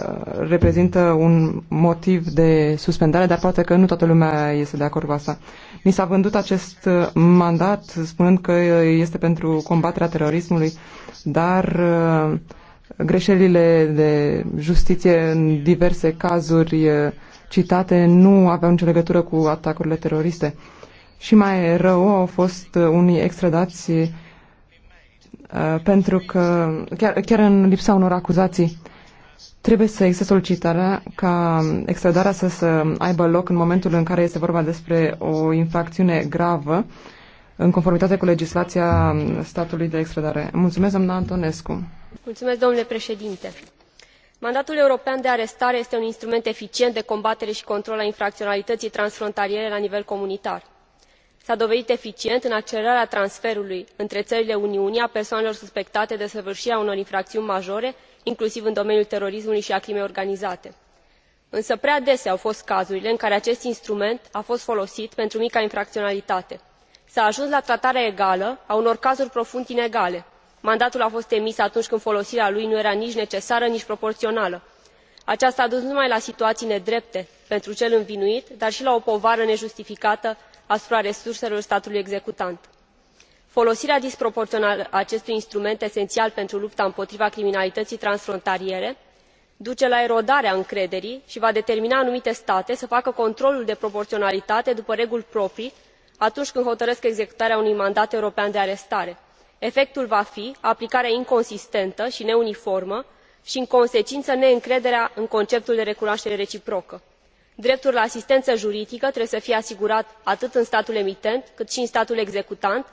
reprezintă un motiv de suspendare, dar poate că nu toată lumea este de acord cu asta. Mi s-a vândut acest uh, mandat spunând că uh, este pentru combaterea terorismului, dar uh, greșelile de justiție în diverse cazuri citate nu aveau nicio legătură cu atacurile teroriste. Și mai rău au fost unii extradați pentru că, chiar, chiar în lipsa unor acuzații, trebuie să existe solicitarea ca extradarea să, să aibă loc în momentul în care este vorba despre o infracțiune gravă în conformitate cu legislația statului de extradare. Mulțumesc, doamna Antonescu. Mulțumesc, domnule președinte. Mandatul european de arestare este un instrument eficient de combatere și control a infracționalității transfrontaliere la nivel comunitar. S-a dovedit eficient în accelerarea transferului între țările Uniunii a persoanelor suspectate de săvârșirea unor infracțiuni majore inclusiv în domeniul terorismului i al crimei organizate însă prea dese au fost cazurile în care acest instrument a fost folosit pentru mica infracionalitate. s a ajuns la tratarea egală a unor cazuri profund inegale mandatul a fost emis atunci când folosirea lui nu era nici necesară nici proporională. aceasta a dus nu numai la situaii nedrepte pentru cel învinuit dar i la o povară nejustificată asupra resurselor statului executant folosirea disproporțională a acestui instrument esențial pentru lupta împotriva criminalității transfrontaliere duce la erodarea încrederii i va determina anumite state să facă controlul de proporionalitate după reguli proprii atunci când hotărăsc executarea unui mandat european de arestare. efectul va fi aplicarea inconsistentă i neuniformă i în consecină neîncrederea în conceptul de recunoatere reciprocă. dreptul la asistenă juridică trebuie să fie asigurat atât în statul emitent cât i în statul executant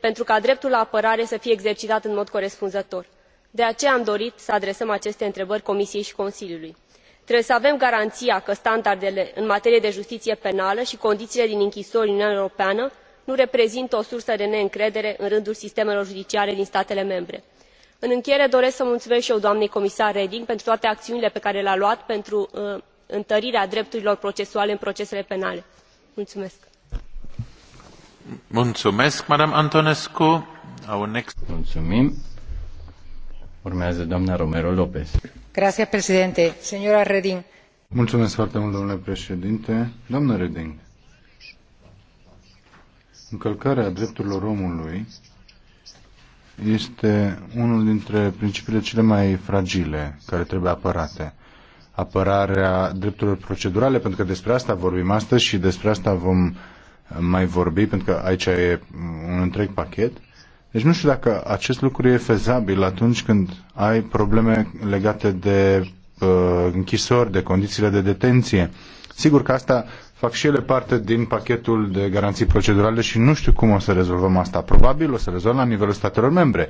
pentru ca dreptul la apărare să fie exercitat în mod corespunzător. de aceea am dorit să adresăm aceste întrebări comisiei i consiliului. trebuie să avem garania că standardele în materie de justiie penală i condiiile din închisori în uniunea europeană nu reprezintă o sursă de neîncredere în rândul sistemelor judiciare din statele membre. în încheiere doresc să mulumesc i eu doamnei comisar reding pentru toate aciunile pe care le a luat pentru uh, întărirea drepturilor procesuale în procesele penale. mulumesc. Mulțumesc, madame Antonescu. Our next... Mulțumim. Urmează doamna Romero Lopez. Grazie, președinte. Señora Reding. Mulțumesc foarte mult, domnule președinte. Doamnă Reding, încălcarea drepturilor omului este unul dintre principiile cele mai fragile care trebuie apărate. Apărarea drepturilor procedurale, pentru că despre asta vorbim astăzi și despre asta vom mai vorbi, pentru că aici e un întreg pachet. Deci nu știu dacă acest lucru e fezabil atunci când ai probleme legate de uh, închisori, de condițiile de detenție. Sigur că asta fac și ele parte din pachetul de garanții procedurale și nu știu cum o să rezolvăm asta. Probabil o să rezolvăm la nivelul statelor membre.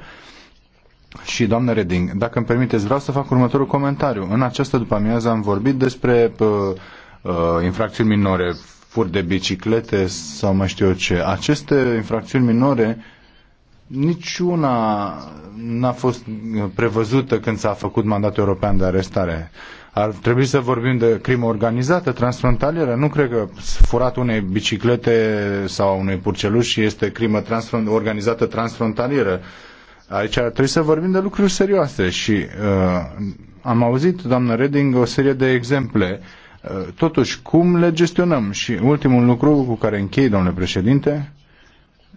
Și, doamnă Reding, dacă îmi permiteți, vreau să fac următorul comentariu. În această după amiază am vorbit despre uh, uh, infracțiuni minore, fur de biciclete sau mai știu eu ce. Aceste infracțiuni minore niciuna n-a fost prevăzută când s-a făcut mandatul european de arestare. Ar trebui să vorbim de crimă organizată, transfrontalieră. Nu cred că furat unei biciclete sau unei purceluși este crimă transfront, organizată transfrontalieră. Aici ar trebui să vorbim de lucruri serioase și uh, am auzit, doamnă Reding, o serie de exemple uh, Eh, totuși, cum le gestionăm? Și ultimul lucru cu care închei, domnule președinte,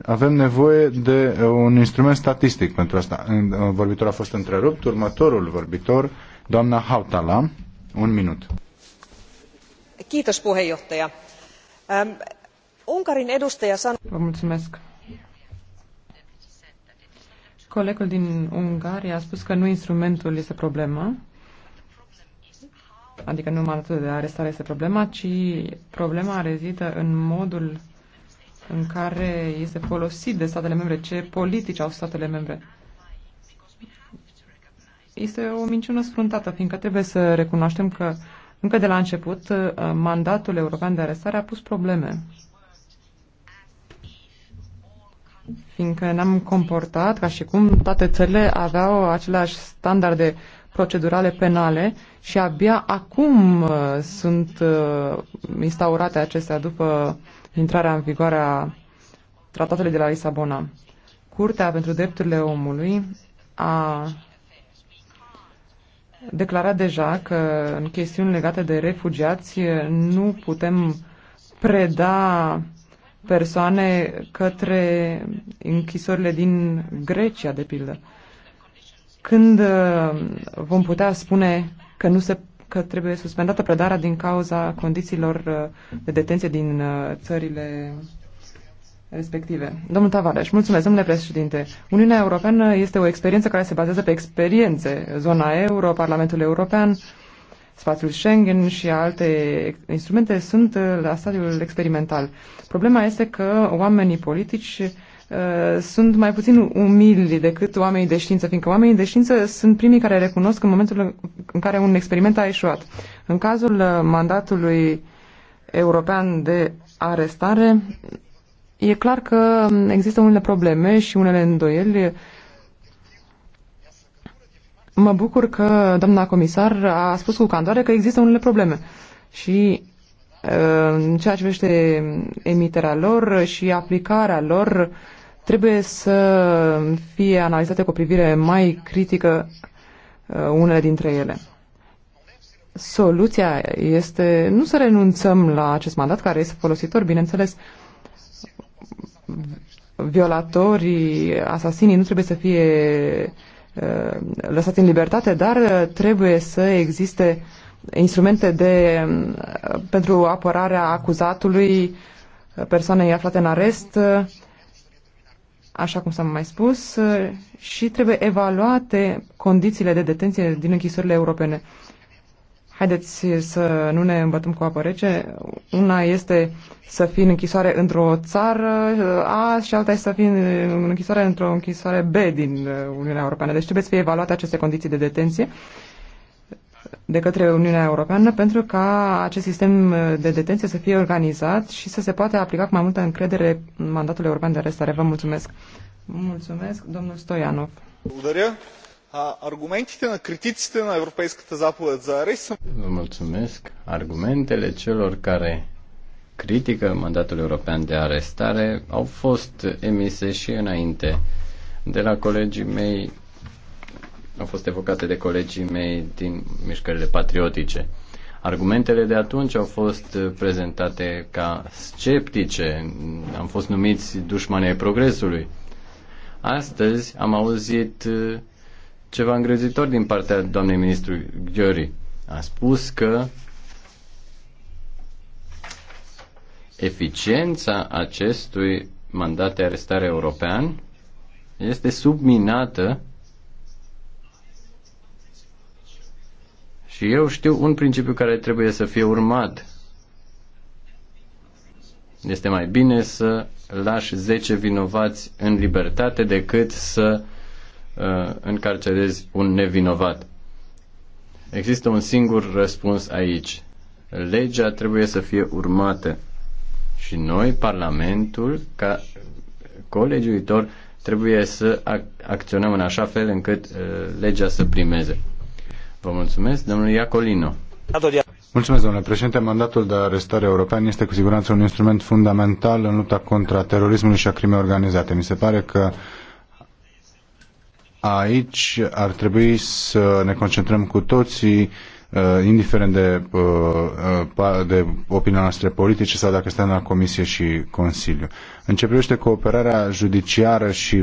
avem nevoie de eh, un instrument statistic pentru asta. Eh, vorbitorul a fost întrerupt. Următorul vorbitor, doamna Hautala, un minut. Kiitos, puheenjohtaja. Ehm, Ungarin edustaja Vă mulțumesc. Colegul din Ungaria a spus că nu instrumentul este problema, adică nu atât de arestare este problema, ci problema rezidă în modul în care este folosit de statele membre, ce politici au statele membre. Este o minciună sfruntată, fiindcă trebuie să recunoaștem că încă de la început uh, mandatul european de arestare a pus probleme. Fiindcă ne-am comportat ca și cum toate țările aveau aceleași standarde uh, procedurale penale și abia acum uh, sunt uh, instaurate acestea după intrarea în vigoare a tratatului de la Lisabona. Curtea pentru drepturile omului a declarat deja că în chestiuni legate de refugiați nu putem preda persoane către închisorile din Grecia, de pildă. Când uh, vom putea spune că nu se că trebuie suspendată predarea din cauza condițiilor uh, de detenție din uh, țările respective. Domnul Tavares, mulțumesc, domnule președinte. Uniunea Europeană este o experiență care se bazează pe experiențe. Zona euro, Parlamentul European, spațiul Schengen și alte instrumente sunt la stadiul experimental. Problema este că oamenii politici Uh, sunt mai puțin umili decât oamenii de știință, fiindcă oamenii de știință sunt primii care recunosc în momentul în care un experiment a eșuat. În cazul uh, mandatului european de arestare, e clar că um, există unele probleme și unele îndoieli. Mă bucur că doamna comisar a spus cu candoare că există unele probleme și uh, în ceea ce vește emiterea lor și aplicarea lor trebuie să fie analizate cu o privire mai critică uh, unele dintre ele. Soluția este nu să renunțăm la acest mandat care este folositor, bineînțeles, violatorii, asasinii nu trebuie să fie uh, lăsați în libertate, dar trebuie să existe instrumente de, uh, pentru apărarea acuzatului, persoanei aflate în arest, uh, așa cum s-a mai spus, și trebuie evaluate condițiile de detenție din închisorile europene. Haideți să nu ne îmbătăm cu apă rece. Una este să fii în închisoare într-o țară A și alta este să fii în închisoare într-o închisoare B din Uniunea Europeană. Deci trebuie să fie evaluate aceste condiții de detenție de către Uniunea Europeană pentru ca acest sistem de detenție să fie organizat și să se poată aplica cu mai multă încredere în mandatul european de arestare. Vă mulțumesc. Mulțumesc, domnul Stoianov. Argumentele на критиците на Европейската заповед за арест. Vă mulțumesc. Argumentele celor care critică mandatul european de arestare au fost emise și înainte de la colegii mei au fost evocate de colegii mei din mișcările patriotice. Argumentele de atunci au fost uh, prezentate ca sceptice, am fost numiți dușmani ai progresului. Astăzi am auzit uh, ceva îngrozitor din partea doamnei ministru Ghiori. A spus că eficiența acestui mandat de arestare european este subminată Și eu știu un principiu care trebuie să fie urmat. Este mai bine să lași 10 vinovați în libertate decât să uh, încarcerezi un nevinovat. Există un singur răspuns aici. Legea trebuie să fie urmată. Și noi, Parlamentul, ca colegiuitor, trebuie să ac- acționăm în așa fel încât uh, legea să primeze. Vă mulțumesc, domnul Iacolino. Mulțumesc, domnule președinte. Mandatul de arestare european este cu siguranță un instrument fundamental în lupta contra terorismului și a crimei organizate. Mi se pare că aici ar trebui să ne concentrăm cu toții uh, indiferent de, uh, uh, de opinia noastră politice sau dacă stăm la Comisie și Consiliu. În ce privește cooperarea judiciară și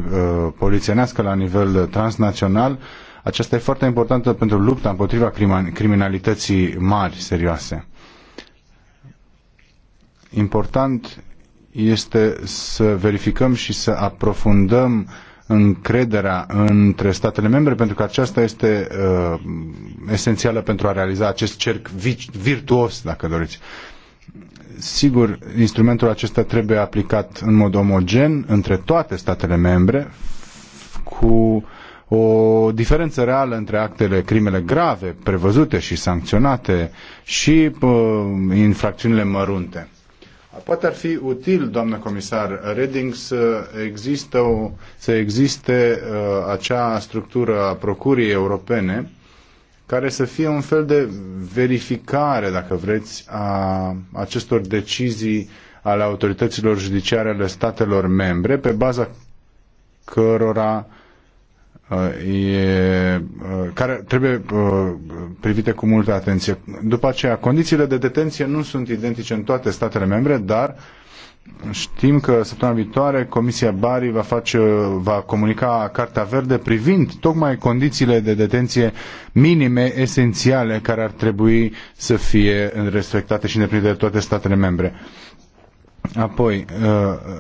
poliționească la nivel transnațional, aceasta e foarte importantă pentru lupta împotriva criminalității mari, serioase. Important este să verificăm și să aprofundăm încrederea între statele membre, pentru că aceasta este uh, esențială pentru a realiza acest cerc virtuos, dacă doriți. Sigur, instrumentul acesta trebuie aplicat în mod omogen între toate statele membre, cu o diferență reală între actele, crimele grave prevăzute și sancționate și uh, infracțiunile mărunte. Poate ar fi util, doamnă comisar Reding, să, există o, să existe uh, acea structură a procurii europene care să fie un fel de verificare, dacă vreți, a acestor decizii ale autorităților judiciare ale statelor membre, pe baza cărora uh, Uh, e, uh, care trebuie uh, privite cu multă atenție. După aceea, condițiile de detenție nu sunt identice în toate statele membre, dar știm că săptămâna viitoare Comisia Bari va, face, va comunica Cartea Verde privind tocmai condițiile de detenție minime, esențiale, care ar trebui să fie respectate și îndeplinite de toate statele membre. Apoi, uh,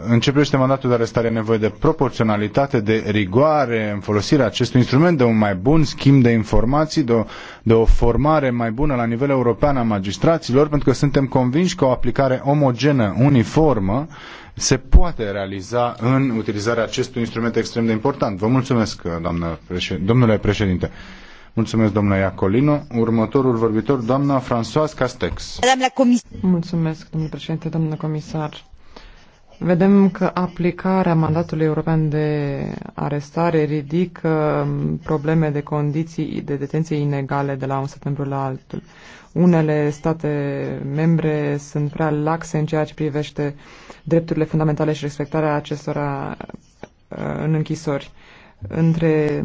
începește mandatul de arestare nevoie de proporționalitate, de rigoare în folosirea acestui instrument, de un mai bun schimb de informații, de o, de o formare mai bună la nivel european a magistraților, pentru că suntem convinși că o aplicare omogenă, uniformă, se poate realiza în utilizarea acestui instrument extrem de important. Vă mulțumesc, doamnă președ... domnule președinte. Mulțumesc, domnule Iacolino. Următorul vorbitor, doamna Françoise Castex. Mulțumesc, domnule președinte, domnule comisar. Vedem că aplicarea mandatului european de arestare ridică probleme de condiții de detenție inegale de la un stat membru la altul. Unele state membre sunt prea laxe în ceea ce privește drepturile fundamentale și respectarea acestora uh, în închisori între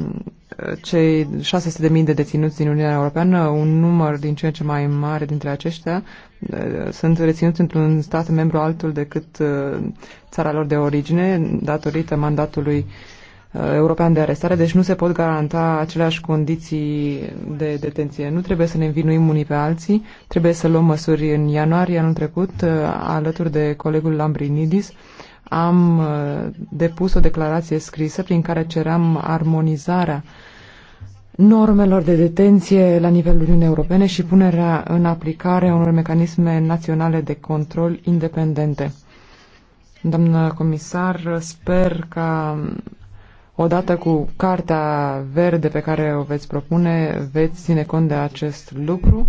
uh, cei 600.000 de deținuți din Uniunea Europeană, un număr din ce în ce mai mare dintre aceștia uh, sunt reținuți într-un stat membru altul decât uh, țara lor de origine, datorită mandatului european de arestare, deci nu se pot garanta aceleași condiții de detenție. Nu trebuie să ne învinuim unii pe alții, trebuie să luăm măsuri în ianuarie anul trecut, alături de colegul Lambrinidis, am uh, depus o declarație scrisă prin care ceream armonizarea normelor de detenție la nivelul Uniunii Europene și punerea în aplicare unor mecanisme naționale de control independente. Doamnă comisar, sper că odată cu cartea verde pe care o veți propune, veți ține cont de acest lucru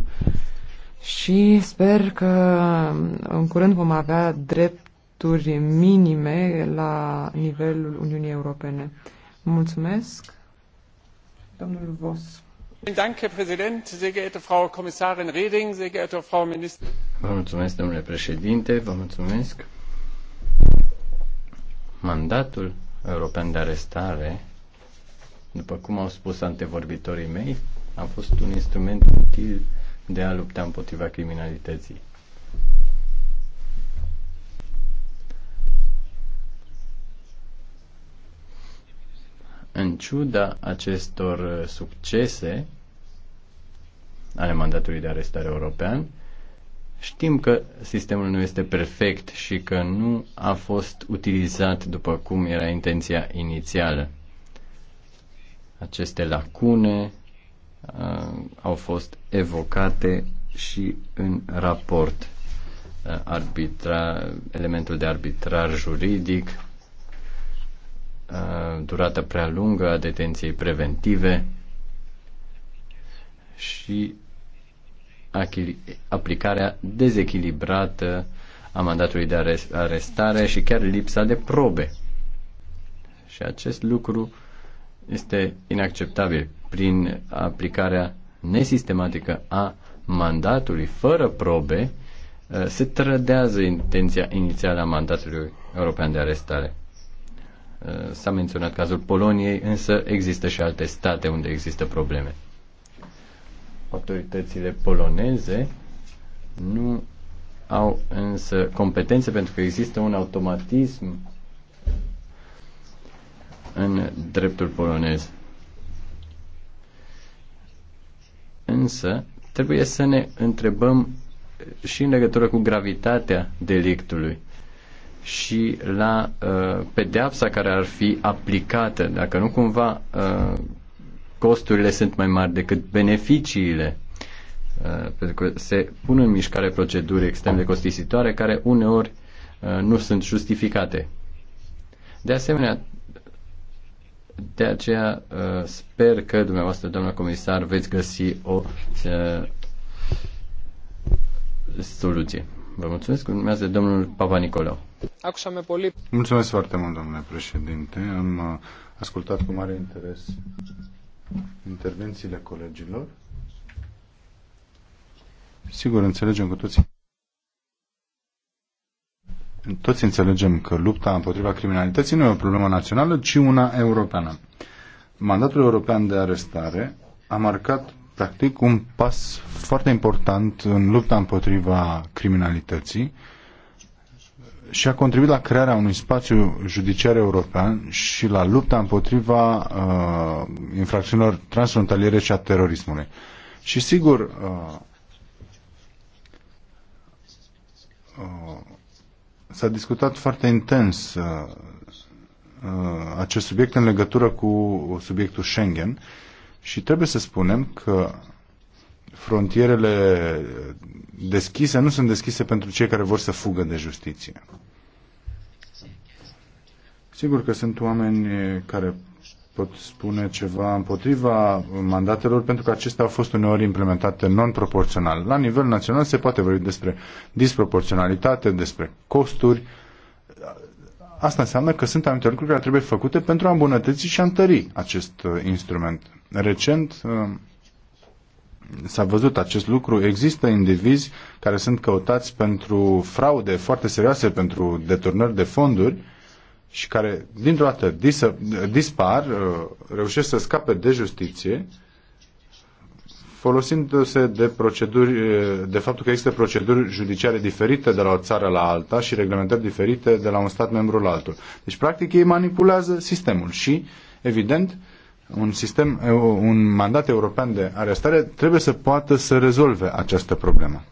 și sper că în curând vom avea drept drepturi minime la nivelul Uniunii Europene. Mulțumesc. Domnul Vos. Vă mulțumesc, domnule președinte, vă mulțumesc. Mandatul european de arestare, după cum au spus antevorbitorii mei, a fost un instrument util de a lupta împotriva criminalității. În ciuda acestor uh, succese ale mandatului de arestare european, știm că sistemul nu este perfect și că nu a fost utilizat după cum era intenția inițială. Aceste lacune uh, au fost evocate și în raport uh, arbitra, elementul de arbitrar juridic, Uh, durata prea lungă a detenției preventive și aplicarea dezechilibrată a mandatului de arestare și chiar lipsa de probe. Și acest lucru este inacceptabil prin aplicarea nesistematică a mandatului fără probe uh, se trădează intenția inițială a mandatului european de arestare. Eh, s-a menționat cazul Poloniei, însă există și alte state unde există probleme. Autoritățile poloneze nu au însă competențe pentru că există un automatism în dreptul polonez. Însă, trebuie să ne întrebăm și în legătură cu gravitatea delictului și la uh, pedeapsa care ar fi aplicată, dacă nu cumva uh, costurile sunt mai mari decât beneficiile, uh, pentru că se pun în mișcare proceduri extrem de costisitoare care uneori uh, nu sunt justificate. De asemenea, de aceea uh, sper că dumneavoastră, doamna comisar, veți găsi o uh, soluție. Vă mulțumesc. Urmează domnul Papa Nicolau. Mulțumesc foarte mult, domnule președinte. Am uh, ascultat cu mare interes intervențiile colegilor. Sigur, înțelegem cu toții. Toți înțelegem că lupta împotriva criminalității nu e o problemă națională, ci una europeană. Mandatul european de arestare a marcat, practic, un pas foarte important în lupta împotriva criminalității, și a contribuit la crearea unui spațiu judiciar european și la lupta împotriva uh, infracțiunilor transfrontaliere și a terorismului. Și sigur, uh, uh, s-a discutat foarte intens uh, uh, acest subiect în legătură cu subiectul Schengen și trebuie să spunem că frontierele deschise nu sunt deschise pentru cei care vor să fugă de justiție. Sigur că sunt oameni care pot spune ceva împotriva mandatelor, pentru că acestea au fost uneori implementate non-proporțional. La nivel național se poate vorbi despre disproporționalitate, despre costuri. Asta înseamnă că sunt anumite lucruri care trebuie făcute pentru a îmbunătăți și a întări acest instrument. Recent, s-a văzut acest lucru, există indivizi care sunt căutați pentru fraude foarte serioase, pentru deturnări de fonduri și care, dintr-o dată, disă, dispar, uh, reușesc să scape de justiție folosindu-se de proceduri, uh, de faptul că există proceduri judiciare diferite de la o țară la alta și reglementări diferite de la un stat membru la altul. Deci, practic, ei manipulează sistemul și, evident, un sistem, un mandat european de arestare trebuie să poată să rezolve această problemă.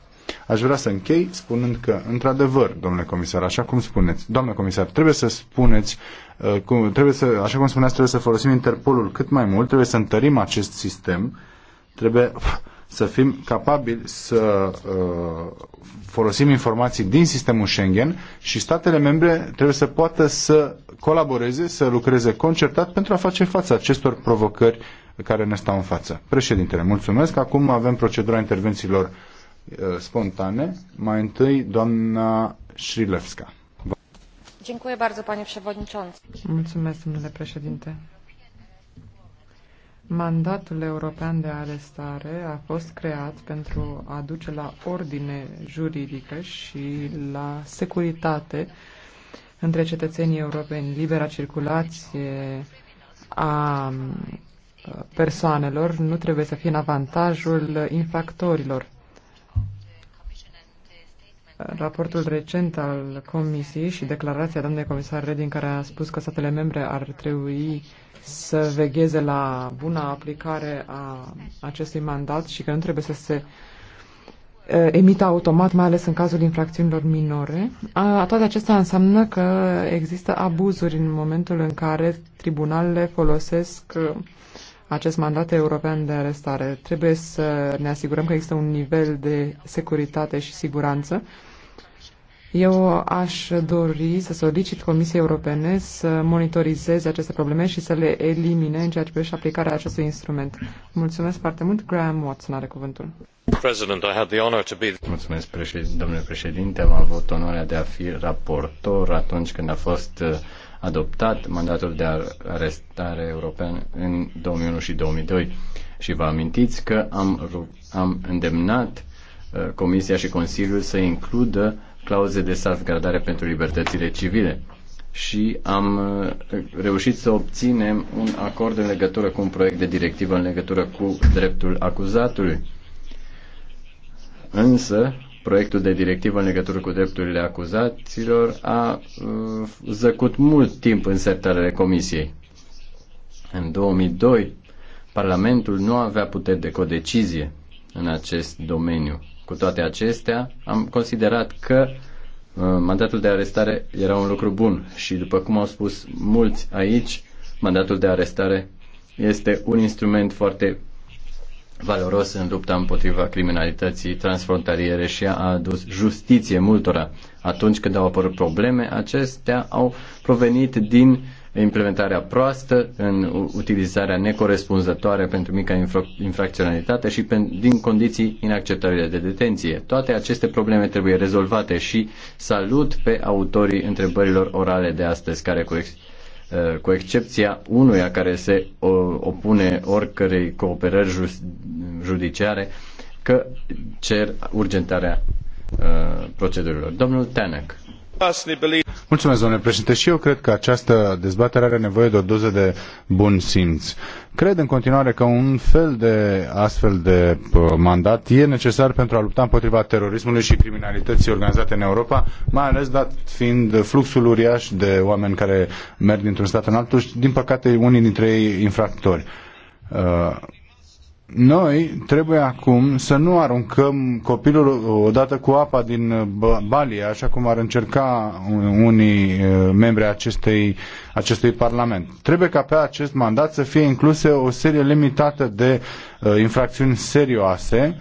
Aș vrea să închei spunând că, într-adevăr, domnule comisar, așa cum spuneți, doamnă comisar, trebuie să spuneți, uh, trebuie să, așa cum spuneați, trebuie să folosim Interpolul cât mai mult, trebuie să întărim acest sistem, trebuie să fim capabili să uh, folosim informații din sistemul Schengen și statele membre trebuie să poată să colaboreze, să lucreze concertat pentru a face față acestor provocări care ne stau în față. Președintele, mulțumesc. Acum avem procedura intervențiilor uh, spontane. Mai întâi, doamna Șrilevska. Mulțumesc, domnule președinte. Mandatul european de arestare a fost creat pentru a duce la ordine juridică și la securitate între cetățenii europeni, libera circulație a persoanelor nu trebuie să fie în avantajul infractorilor. Raportul recent al Comisiei și declarația doamnei comisar Redin care a spus că statele membre ar trebui să vegheze la buna aplicare a acestui mandat și că nu trebuie să se emită automat, mai ales în cazul infracțiunilor minore. A, toate acestea înseamnă că există abuzuri în momentul în care tribunalele folosesc acest mandat european de arestare. Trebuie să ne asigurăm că există un nivel de securitate și siguranță eu aș dori să solicit Comisiei Europene să monitorizeze aceste probleme și să le elimine în ceea ce privește aplicarea acestui instrument. Mulțumesc foarte mult. Graham Watson are cuvântul. Mulțumesc, președinte, domnule președinte. Am avut onoarea de a fi raportor atunci când a fost uh, adoptat mandatul de arestare european în 2001 și 2002. Și vă amintiți că am, am îndemnat uh, Comisia și Consiliul să includă clauze de salvgardare pentru libertățile civile și am uh, reușit să obținem un acord în legătură cu un proiect de directivă în legătură cu dreptul acuzatului. Însă, proiectul de directivă în legătură cu drepturile acuzaților a uh, zăcut mult timp în sertarele comisiei. În 2002, Parlamentul nu avea puteri de codecizie în acest domeniu cu toate acestea, am considerat că uh, mandatul de arestare era un lucru bun și, după cum au spus mulți aici, mandatul de arestare este un instrument foarte valoros în lupta împotriva criminalității transfrontaliere și a adus justiție multora. Atunci când au apărut probleme, acestea au provenit din implementarea proastă, în utilizarea necorespunzătoare pentru mica infracționalitate și din condiții inacceptabile de detenție. Toate aceste probleme trebuie rezolvate și salut pe autorii întrebărilor orale de astăzi, care cu, ex, uh, cu excepția unuia care se opune oricărei cooperări judiciare, că cer urgentarea uh, procedurilor. Domnul Tanek. Mulțumesc, domnule președinte. Și eu cred că această dezbatere are nevoie de o doză de bun simț. Cred în continuare că un fel de astfel de uh, mandat e necesar pentru a lupta împotriva terorismului și criminalității organizate în Europa, mai ales dat fiind fluxul uriaș de oameni care merg dintr-un stat în altul și, din păcate, unii dintre ei infractori. Uh, noi trebuie acum să nu aruncăm copilul odată cu apa din uh, balie, așa cum ar încerca unii uh, membri acestei, acestui Parlament. Trebuie ca pe acest mandat să fie incluse o serie limitată de uh, infracțiuni serioase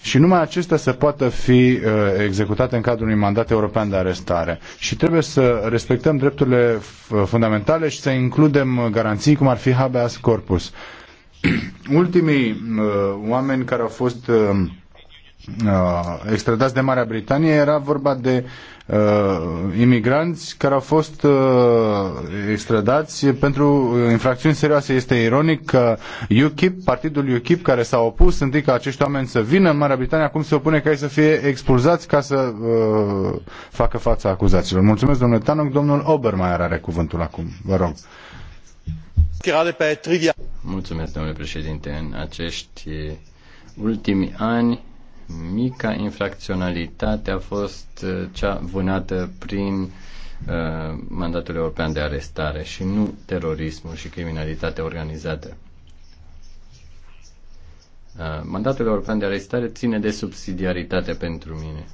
și numai acestea să poată fi uh, executate în cadrul unui mandat european de arestare. Și trebuie să respectăm drepturile uh, fundamentale și să includem garanții cum ar fi habeas corpus. Uh, Ultimii uh, oameni care au fost uh, uh, extradați de Marea Britanie era vorba de uh, imigranți care au fost uh, extradați pentru uh, infracțiuni serioase. Este ironic că UKIP, partidul UKIP care s-a opus întâi ca acești oameni să vină în Marea Britanie, acum se opune ca ei să fie expulzați ca să uh, facă fața acuzațiilor. Mulțumesc, domnule Tanoc. Domnul Obermeier are cuvântul acum. Vă rog. Mulțumesc, domnule președinte. În acești ultimi ani, mica infracționalitate a fost uh, cea vânată prin uh, mandatul european de arestare și nu terorismul și criminalitatea organizată. Uh, mandatul european de arestare ține de subsidiaritate pentru mine,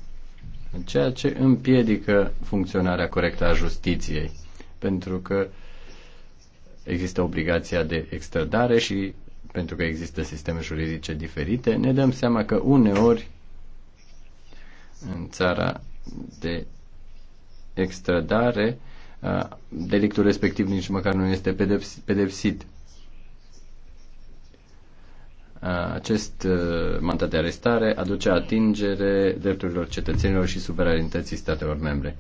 ceea ce împiedică funcționarea corectă a justiției, pentru că uh, există obligația de extradare și pentru că există sisteme juridice diferite, ne dăm seama că uneori în țara de extradare delictul respectiv nici măcar nu este pedepsit. Acest mandat de arestare aduce atingere drepturilor cetățenilor și suveranității statelor membre.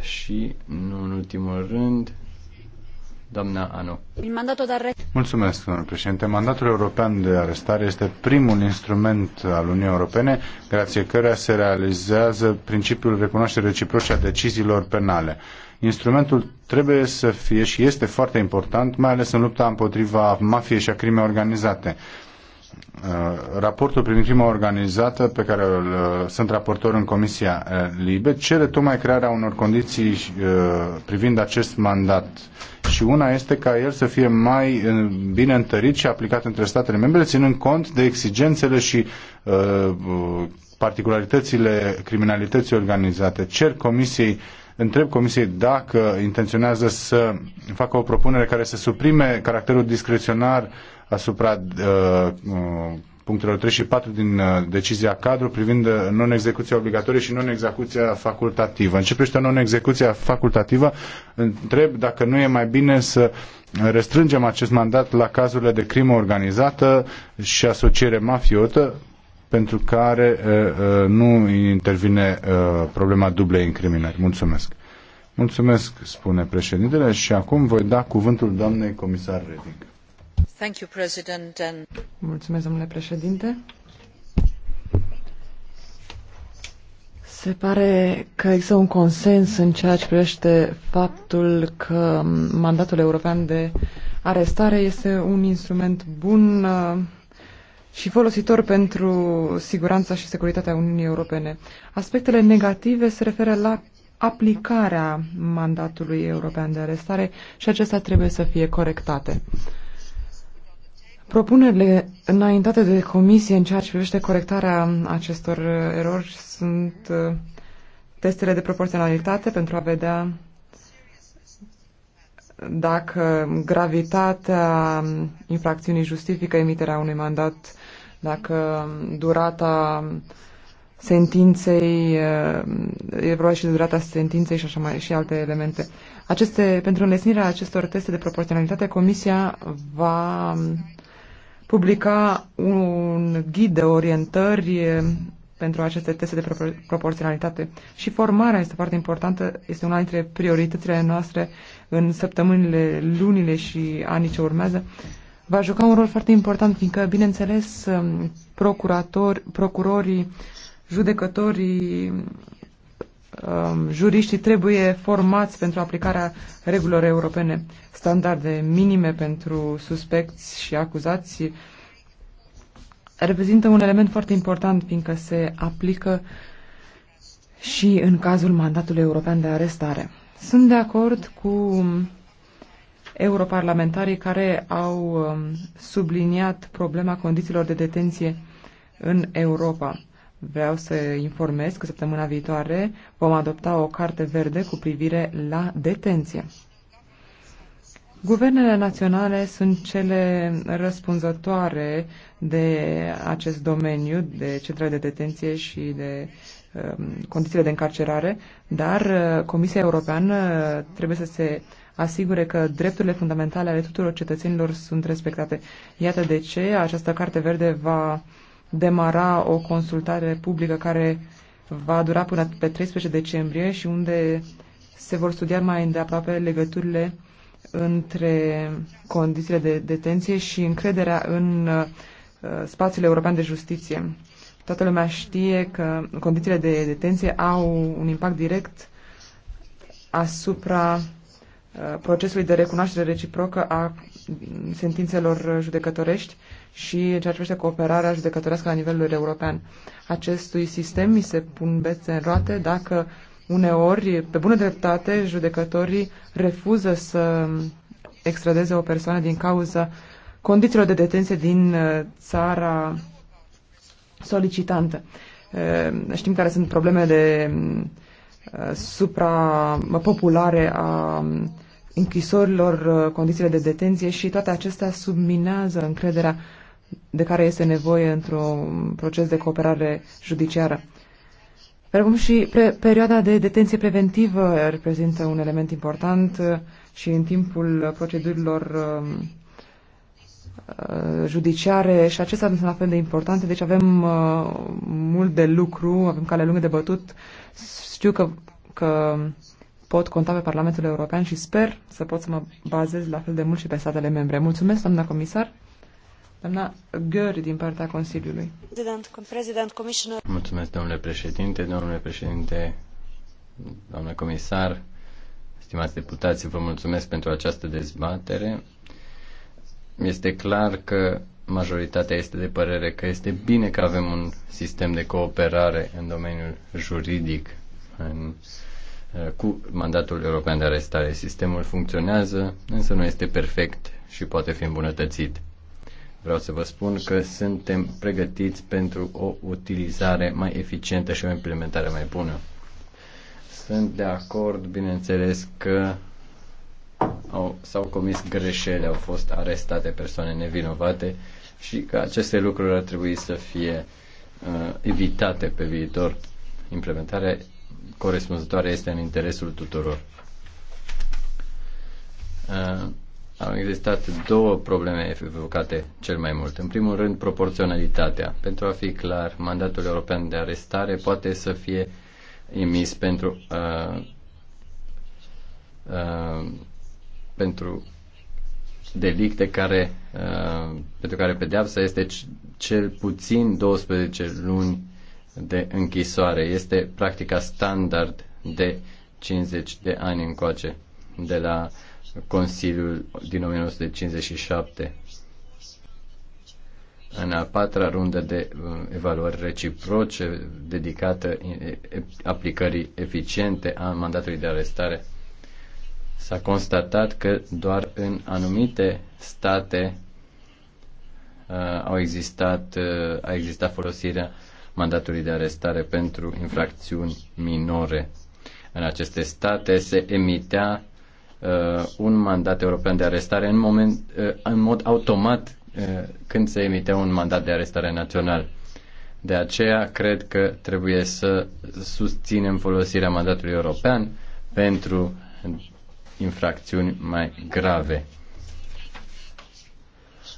Și, nu în ultimul rând, Doamna da Mulțumesc, domnule președinte. Mandatul european de arestare este primul instrument al Uniunii Europene, grație căruia se realizează principiul recunoașterii reciproce a deciziilor penale. Instrumentul trebuie să fie și este foarte important, mai ales în lupta împotriva mafiei și a crimei organizate. Uh, raportul privind crima organizată pe care îl, uh, sunt raportor în Comisia uh, Libe cere tocmai crearea unor condiții privind acest mandat și una este ca el să fie mai bine întărit și aplicat între statele membre, ținând cont de exigențele și particularitățile criminalității organizate. Cer Comisiei întreb Comisiei dacă intenționează să facă o propunere care să suprime caracterul discreționar asupra uh, punctelor 3 și 4 din uh, decizia cadru privind uh, non-execuția obligatorie și non-execuția facultativă. Începește non-execuția facultativă. Întreb dacă nu e mai bine să restrângem acest mandat la cazurile de crimă organizată și asociere mafiotă pentru care nu intervine problema dublei incriminări. Mulțumesc. Mulțumesc, spune președintele, și acum voi da cuvântul doamnei comisar Reding. Mulțumesc, președinte. Se pare că există un consens în ceea ce privește faptul că mandatul european de arestare este un instrument bun uh, și folositor pentru siguranța și securitatea Uniunii Europene. Aspectele negative se referă la aplicarea mandatului european de arestare și acestea trebuie să fie corectate. Propunerile înaintate de comisie în ceea ce privește corectarea acestor erori sunt uh, testele de proporționalitate pentru a vedea dacă gravitatea infracțiunii justifică emiterea unui mandat, dacă durata sentinței, uh, e vorba și de durata sentinței și așa mai și alte elemente. Aceste, pentru înlesnirea acestor teste de proporționalitate, Comisia va publica un ghid de orientări eh, pentru aceste teste de proporționalitate. Și formarea este foarte importantă, este una dintre prioritățile noastre în săptămânile, lunile și anii ce urmează. Va juca un rol foarte important, fiindcă, bineînțeles, eh, procuratori, procurorii, judecătorii, Um, juriștii trebuie formați pentru aplicarea regulilor europene, standarde minime pentru suspecți și acuzați reprezintă un element foarte important fiindcă se aplică și în cazul mandatului european de arestare. Sunt de acord cu europarlamentarii care au um, subliniat problema condițiilor de detenție în Europa. Vreau să informez că săptămâna viitoare vom adopta o carte verde cu privire la detenție. Guvernele naționale sunt cele răspunzătoare de acest domeniu, de centrele de detenție și de um, condițiile de încarcerare, dar uh, Comisia Europeană uh, trebuie să se asigure că drepturile fundamentale ale tuturor cetățenilor sunt respectate. Iată de ce această carte verde va demara o consultare publică care va dura până pe 13 decembrie și unde se vor studia mai îndeaproape legăturile între condițiile de detenție și încrederea în uh, spațiul european de justiție. Toată lumea știe că condițiile de detenție au un impact direct asupra uh, procesului de recunoaștere reciprocă a sentințelor judecătorești și în ceea ce privește cooperarea judecătorească la nivelul european. Acestui sistem mi se pun bețe în roate dacă uneori, pe bună dreptate, judecătorii refuză să extradeze o persoană din cauza condițiilor de detenție din uh, țara solicitantă. Uh, știm care sunt problemele de uh, suprapopulare a um, închisorilor, condițiile de detenție și toate acestea subminează încrederea de care este nevoie într-un proces de cooperare judiciară. Precum și pre- perioada de detenție preventivă reprezintă un element important uh, și în timpul procedurilor um, uh, judiciare și acestea sunt la fel de importante, deci avem uh, mult de lucru, avem cale lungă de bătut. Știu că, că pot conta pe Parlamentul European și sper să pot să mă bazez la fel de mult și pe statele membre. Mulțumesc, doamna comisar. Doamna Gări din partea Consiliului. Mulțumesc, domnule președinte, domnule președinte, domnule comisar, stimați deputați, vă mulțumesc pentru această dezbatere. Este clar că majoritatea este de părere că este bine că avem un sistem de cooperare în domeniul juridic în, eh, cu mandatul european de arestare. Sistemul funcționează, însă nu este perfect și poate fi îmbunătățit. Vreau să vă spun că suntem pregătiți pentru o utilizare mai eficientă și o implementare mai bună. Sunt de acord, bineînțeles, că au, s-au comis greșeli, au fost arestate persoane nevinovate și că aceste lucruri ar trebui să fie uh, evitate pe viitor. Implementarea corespunzătoare este în interesul tuturor. Uh, au existat două probleme evocate cel mai mult. În primul rând, proporționalitatea. Pentru a fi clar, mandatul european de arestare poate să fie emis pentru, uh, uh, pentru delicte care, uh, pentru care pedeapsa este cel puțin 12 luni de închisoare. Este practica standard de 50 de ani încoace de la uh, Consiliul din 1957 în a patra rundă de uh, evaluări reciproce dedicată uh, aplicării eficiente a mandatului de arestare, s-a constatat că doar în anumite state uh, au existat, uh, a existat folosirea mandatului de arestare pentru infracțiuni minore. În aceste state se emitea uh, un mandat european de arestare în, moment, uh, în mod automat uh, când se emite un mandat de arestare național. De aceea cred că trebuie să susținem folosirea mandatului european pentru infracțiuni mai grave.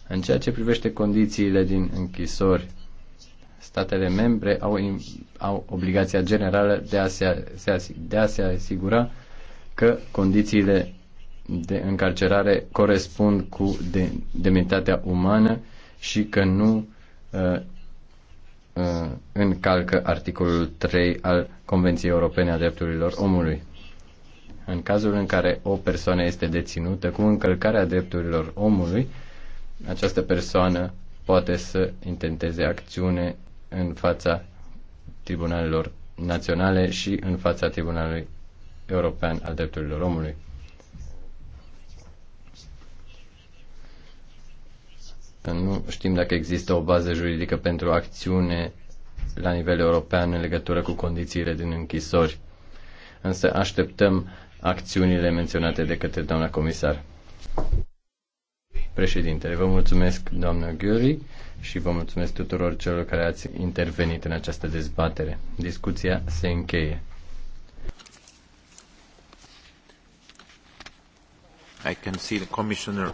În ceea ce privește condițiile din închisori, statele membre au, au obligația generală de a se, de a se asigura că condițiile de încarcerare corespund cu de, demnitatea umană și că nu uh, uh, încalcă articolul 3 al Convenției Europene a Drepturilor Omului. În cazul în care o persoană este deținută cu încălcarea drepturilor omului, această persoană poate să intenteze acțiune în fața tribunalelor naționale și în fața Tribunalului European al Drepturilor Omului. Nu știm dacă există o bază juridică pentru acțiune la nivel european în legătură cu condițiile din închisori, însă așteptăm acțiunile menționate de către doamna comisar. Președintele, vă mulțumesc, doamnă Ghiuri, și vă mulțumesc tuturor celor care ați intervenit în această dezbatere. Discuția se încheie. I can see the commissioner.